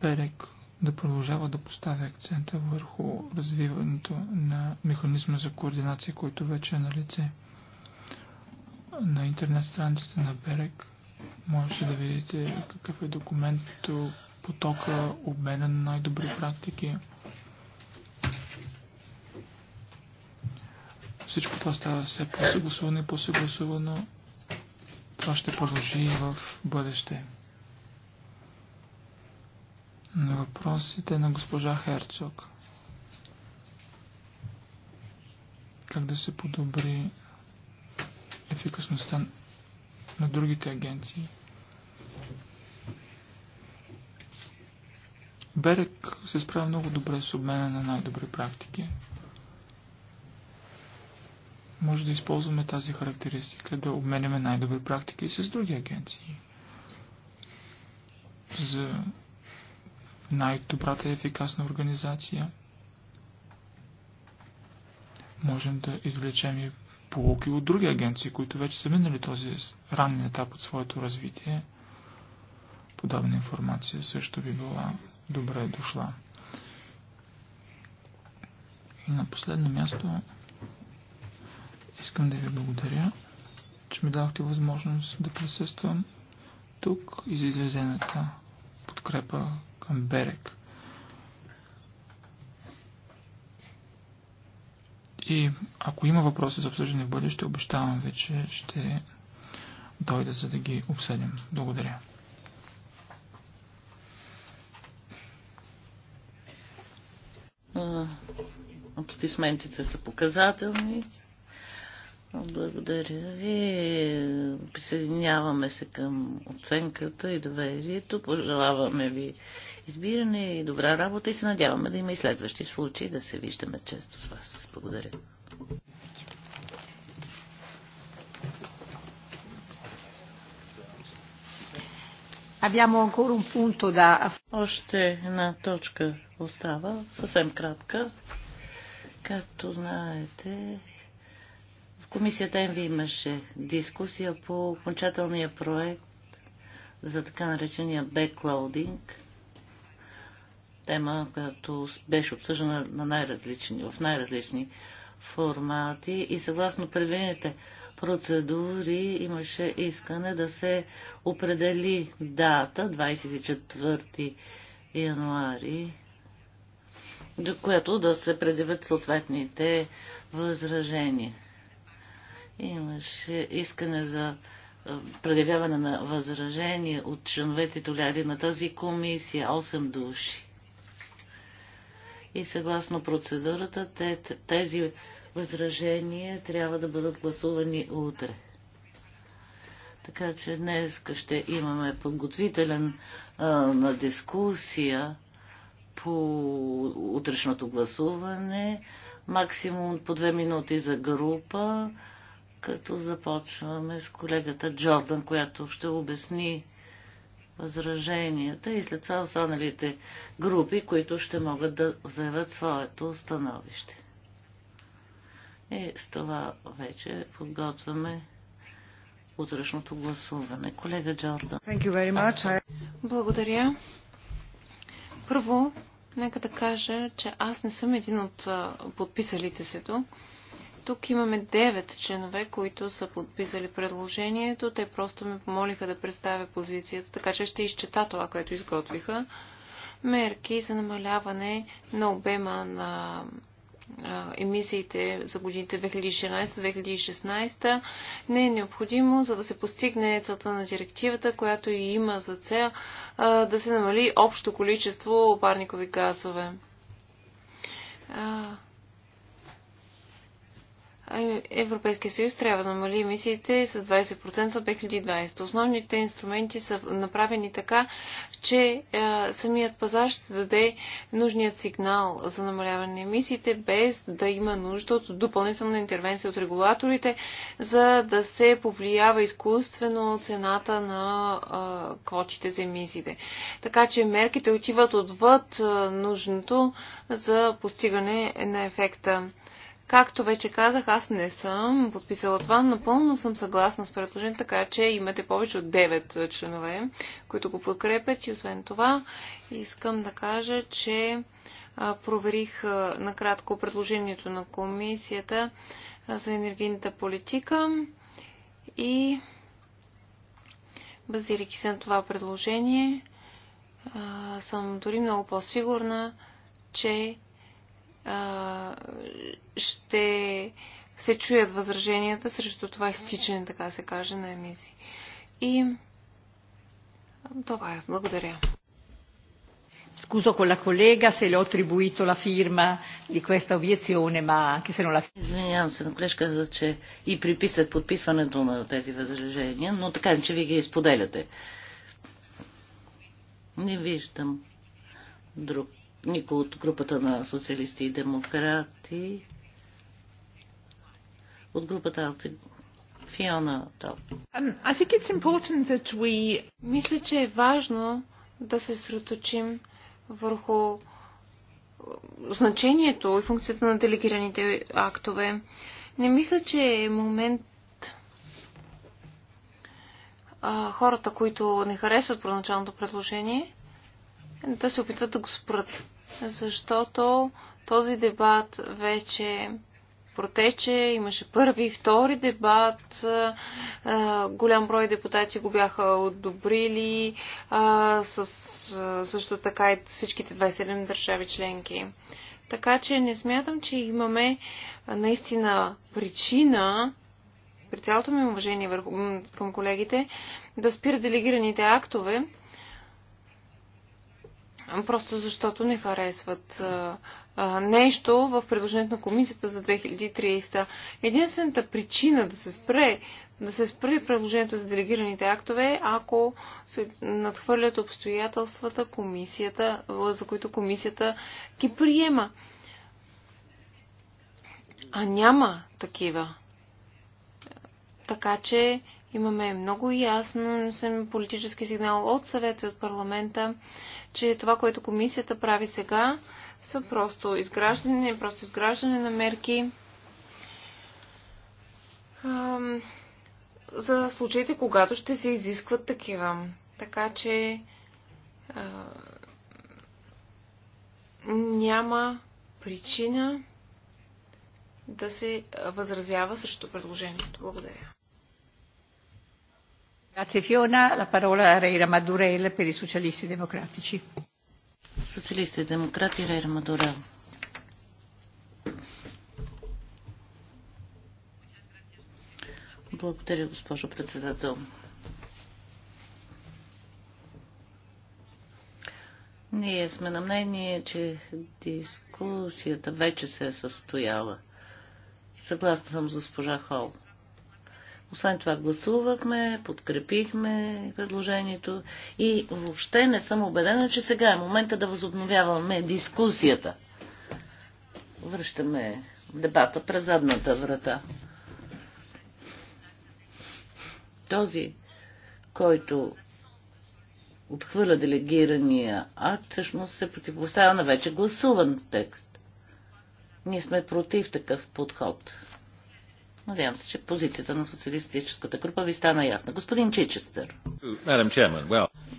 Перек да продължава да поставя акцента върху развиването на механизма за координация, който вече е на лице. На интернет страницата на Берек можете да видите какъв е документ, потока, обмена на най-добри практики. Всичко това става все по-съгласувано и по-съгласувано. Това ще продължи и в бъдеще. На въпросите на госпожа Херцог. Как да се подобри ефикасността на другите агенции? Берек се справя много добре с обмена на най-добри практики може да използваме тази характеристика, да обменяме най-добри практики с други агенции за най-добрата и ефикасна организация. Можем да извлечем и полуки от други агенции, които вече са минали този ранен етап от своето развитие. Подобна информация също би била добре дошла. И на последно място Искам да ви благодаря, че ми дадохте възможност да присъствам тук и за изразената подкрепа към Берег. И ако има въпроси за обсъждане в бъдеще, обещавам вече, че ще дойда за да ги обсъдим. Благодаря. Аплодисментите са показателни. Благодаря ви. Присъединяваме се към оценката и доверието. Пожелаваме ви избиране и добра работа и се надяваме да има и следващи случаи да се виждаме често с вас. Благодаря. Abbiamo ancora un punto da... Още една точка остава, съвсем кратка. Както знаете, комисията ви имаше дискусия по окончателния проект за така наречения беклаудинг. Тема, която беше обсъждана на най-различни, в най-различни формати и съгласно предвидените процедури имаше искане да се определи дата 24 януари, до която да се предявят съответните възражения. Имаше искане за предявяване на възражение от членове титуляри на тази комисия 8 души. И съгласно процедурата тези възражения трябва да бъдат гласувани утре. Така че днес ще имаме подготвителен а, на дискусия по утрешното гласуване, максимум по две минути за група като започваме с колегата Джордан, която ще обясни възраженията и след това останалите групи, които ще могат да заявят своето становище. И с това вече подготвяме утрешното гласуване. Колега Джордан. Благодаря. Първо, нека да кажа, че аз не съм един от подписалите се до. Тук имаме 9 членове, които са подписали предложението. Те просто ме помолиха да представя позицията, така че ще изчета това, което изготвиха. Мерки за намаляване на обема на емисиите за годините 2016-2016 не е необходимо, за да се постигне целта на директивата, която и има за цел да се намали общо количество парникови газове. Европейския съюз трябва да намали емисиите с 20% от 2020. Основните инструменти са направени така, че самият пазар ще даде нужният сигнал за намаляване на емисиите, без да има нужда от допълнителна интервенция от регулаторите, за да се повлиява изкуствено цената на квотите за емисиите. Така че мерките отиват отвъд нужното за постигане на ефекта Както вече казах, аз не съм подписала това. Напълно съм съгласна с предложението, така че имате повече от 9 е, членове, които го подкрепят. И освен това, искам да кажа, че проверих накратко предложението на комисията за енергийната политика и базирайки се на това предложение, съм дори много по-сигурна, че ще се чуят възраженията срещу това изтичане, така се каже, на емисии. И това е. Благодаря. Scuso con la collega se le ho attribuito la firma di questa obiezione, ma anche se non la... Извинявам се на колежката, че и приписат подписването на тези възражения, но така че ви ги изподеляте. Не виждам друг никой от групата на социалисти и демократи. От групата Алти Фиона Топ. Um, мисля, че е важно да се сръточим върху е, значението и функцията на делегираните актове. Не мисля, че е момент а, хората, които не харесват първоначалното предложение, да се опитват да го спрат. Защото този дебат вече протече, имаше първи и втори дебат, голям брой депутати го бяха одобрили, с, също така и всичките 27 държави членки. Така че не смятам, че имаме наистина причина, при цялото ми уважение към колегите, да спира делегираните актове, просто защото не харесват нещо в предложението на комисията за 2030. Единствената причина да се спре да се спре предложението за делегираните актове, е, ако се надхвърлят обстоятелствата, комисията, за които комисията ги приема. А няма такива. Така че имаме много ясно политически сигнал от съвета и от парламента че това, което комисията прави сега, са просто изграждане, просто изграждане на мерки за случаите, когато ще се изискват такива. Така че а, няма причина да се възразява срещу предложението. Благодаря. Grazie Fiona, la parola a Reira Madurel per i socialisti democratici. Socialisti Reira Madurel. Благодаря, госпожо председател. Ние сме на мнение, че дискусията вече се е състояла. Съгласна съм с госпожа Хол. Освен това гласувахме, подкрепихме предложението и въобще не съм убедена, че сега е момента да възобновяваме дискусията. Връщаме дебата през задната врата. Този, който отхвърля делегирания акт, всъщност се противопоставя на вече гласуван текст. Ние сме против такъв подход. Надявам се, че позицията на социалистическата група ви стана ясна. Господин Чичестър.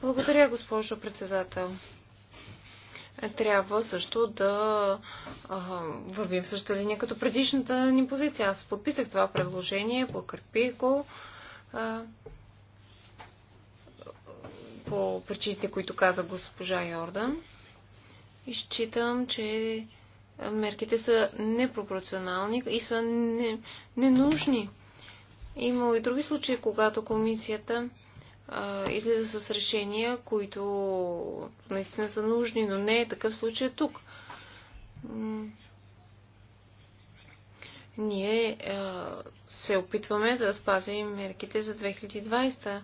Благодаря, госпожо председател. Трябва също да а, вървим същата линия като предишната ни позиция. Аз подписах това предложение, покърпих го а, по причините, които каза госпожа Йордан. И считам, че мерките са непропорционални и са не, ненужни. Имало и други случаи, когато комисията а, излиза с решения, които наистина са нужни, но не е такъв случай тук. Ние е, се опитваме да спазим мерките за 2020,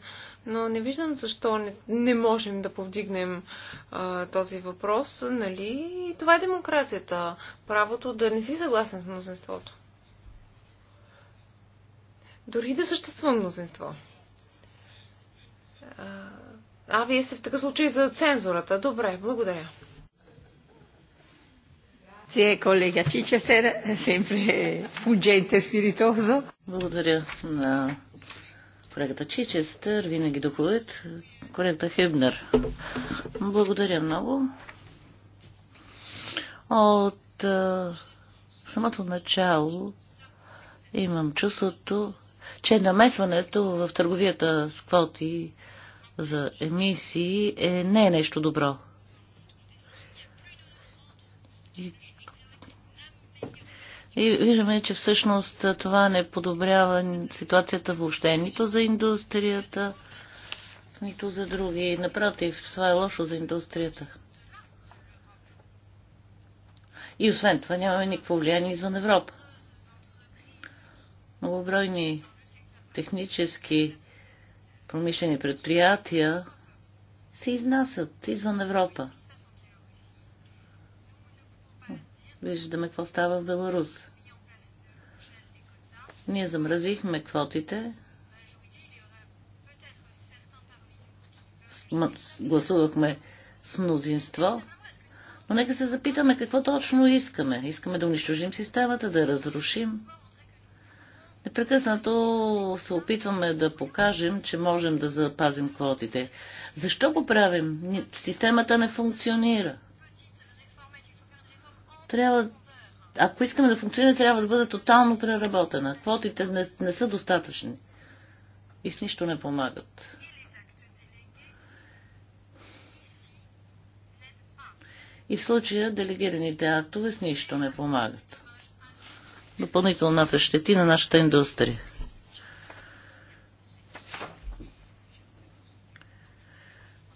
но не виждам защо не, не можем да повдигнем а, е, този въпрос. Нали? Това е демокрацията. Правото да не си съгласен с мнозинството. Дори да съществува мнозинство. А, е, а вие сте в такъв случай за цензурата. Добре, благодаря колега e Благодаря на колегата Чичестър, винаги духовит, колегата Хебнер. Благодаря много. От а, самото начало имам чувството, че намесването в търговията с квоти за емисии е, не е нещо добро. И и виждаме, че всъщност това не подобрява ситуацията въобще нито за индустрията, нито за други. Напротив, това е лошо за индустрията. И освен това нямаме никакво влияние извън Европа. Многобройни технически промишлени предприятия се изнасят извън Европа. Виждаме какво става в Беларус. Ние замразихме квотите. Гласувахме с мнозинство. Но нека се запитаме какво точно искаме. Искаме да унищожим системата, да я разрушим. Непрекъснато се опитваме да покажем, че можем да запазим квотите. Защо го правим? Системата не функционира трябва, ако искаме да функционира, трябва да бъде тотално преработена. Квотите не, не са достатъчни и с нищо не помагат. И в случая делегираните актове с нищо не помагат. Допълнителна са щети на нашата индустрия.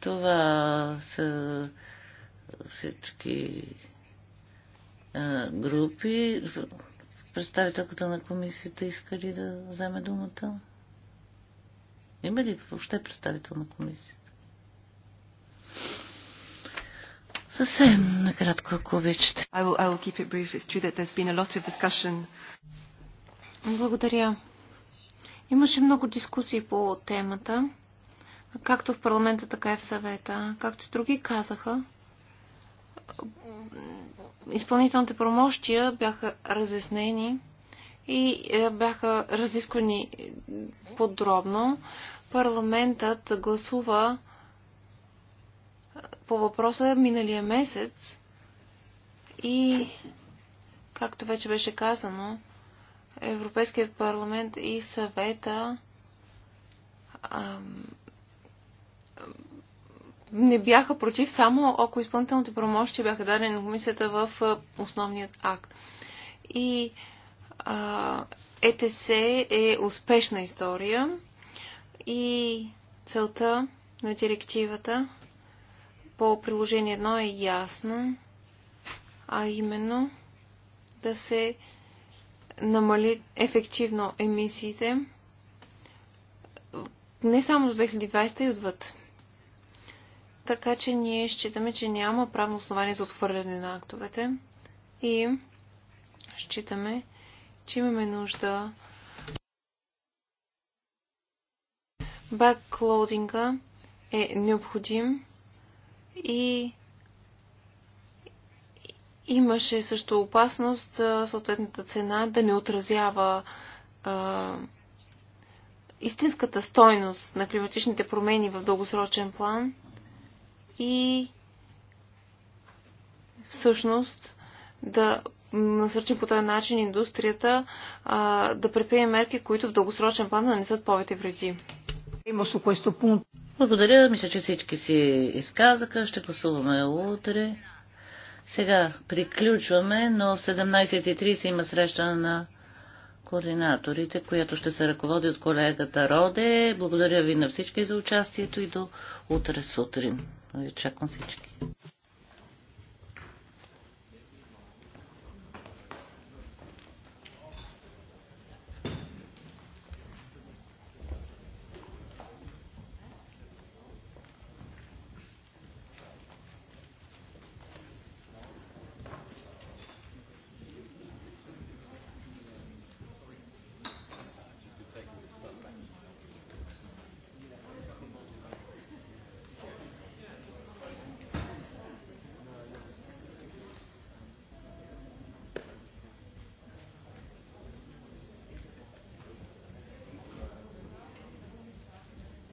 Това са всички групи. Представителката на комисията иска ли да вземе думата? Има ли въобще представител на комисията? Съвсем накратко, ако обичате. I will, I will keep it brief. It's true that there's been a lot of discussion. Благодаря. Имаше много дискусии по темата, както в парламента, така и в съвета. Както и други казаха, изпълнителните промощия бяха разяснени и е, бяха разисквани подробно. Парламентът гласува е, по въпроса миналия месец и, както вече беше казано, Европейският парламент и съвета ам, не бяха против, само ако изпълнителните промощи бяха дадени на комисията в основният акт. И а, ЕТС е успешна история и целта на директивата по приложение 1 е ясна, а именно да се намали ефективно емисиите не само до 2020 и отвъд. Така че ние считаме, че няма правно основание за отхвърляне на актовете и считаме, че имаме нужда баклоудинга е необходим и имаше също опасност съответната цена да не отразява а, истинската стойност на климатичните промени в дългосрочен план и всъщност да насърчим по този начин индустрията а, да предприеме мерки, които в дългосрочен план да нанесат повече вреди. Благодаря. Мисля, че всички си изказаха. Ще гласуваме утре. Сега приключваме, но в 17.30 има среща на координаторите, която ще се ръководи от колегата Роде. Благодаря ви на всички за участието и до утре сутрин. Чакам всички.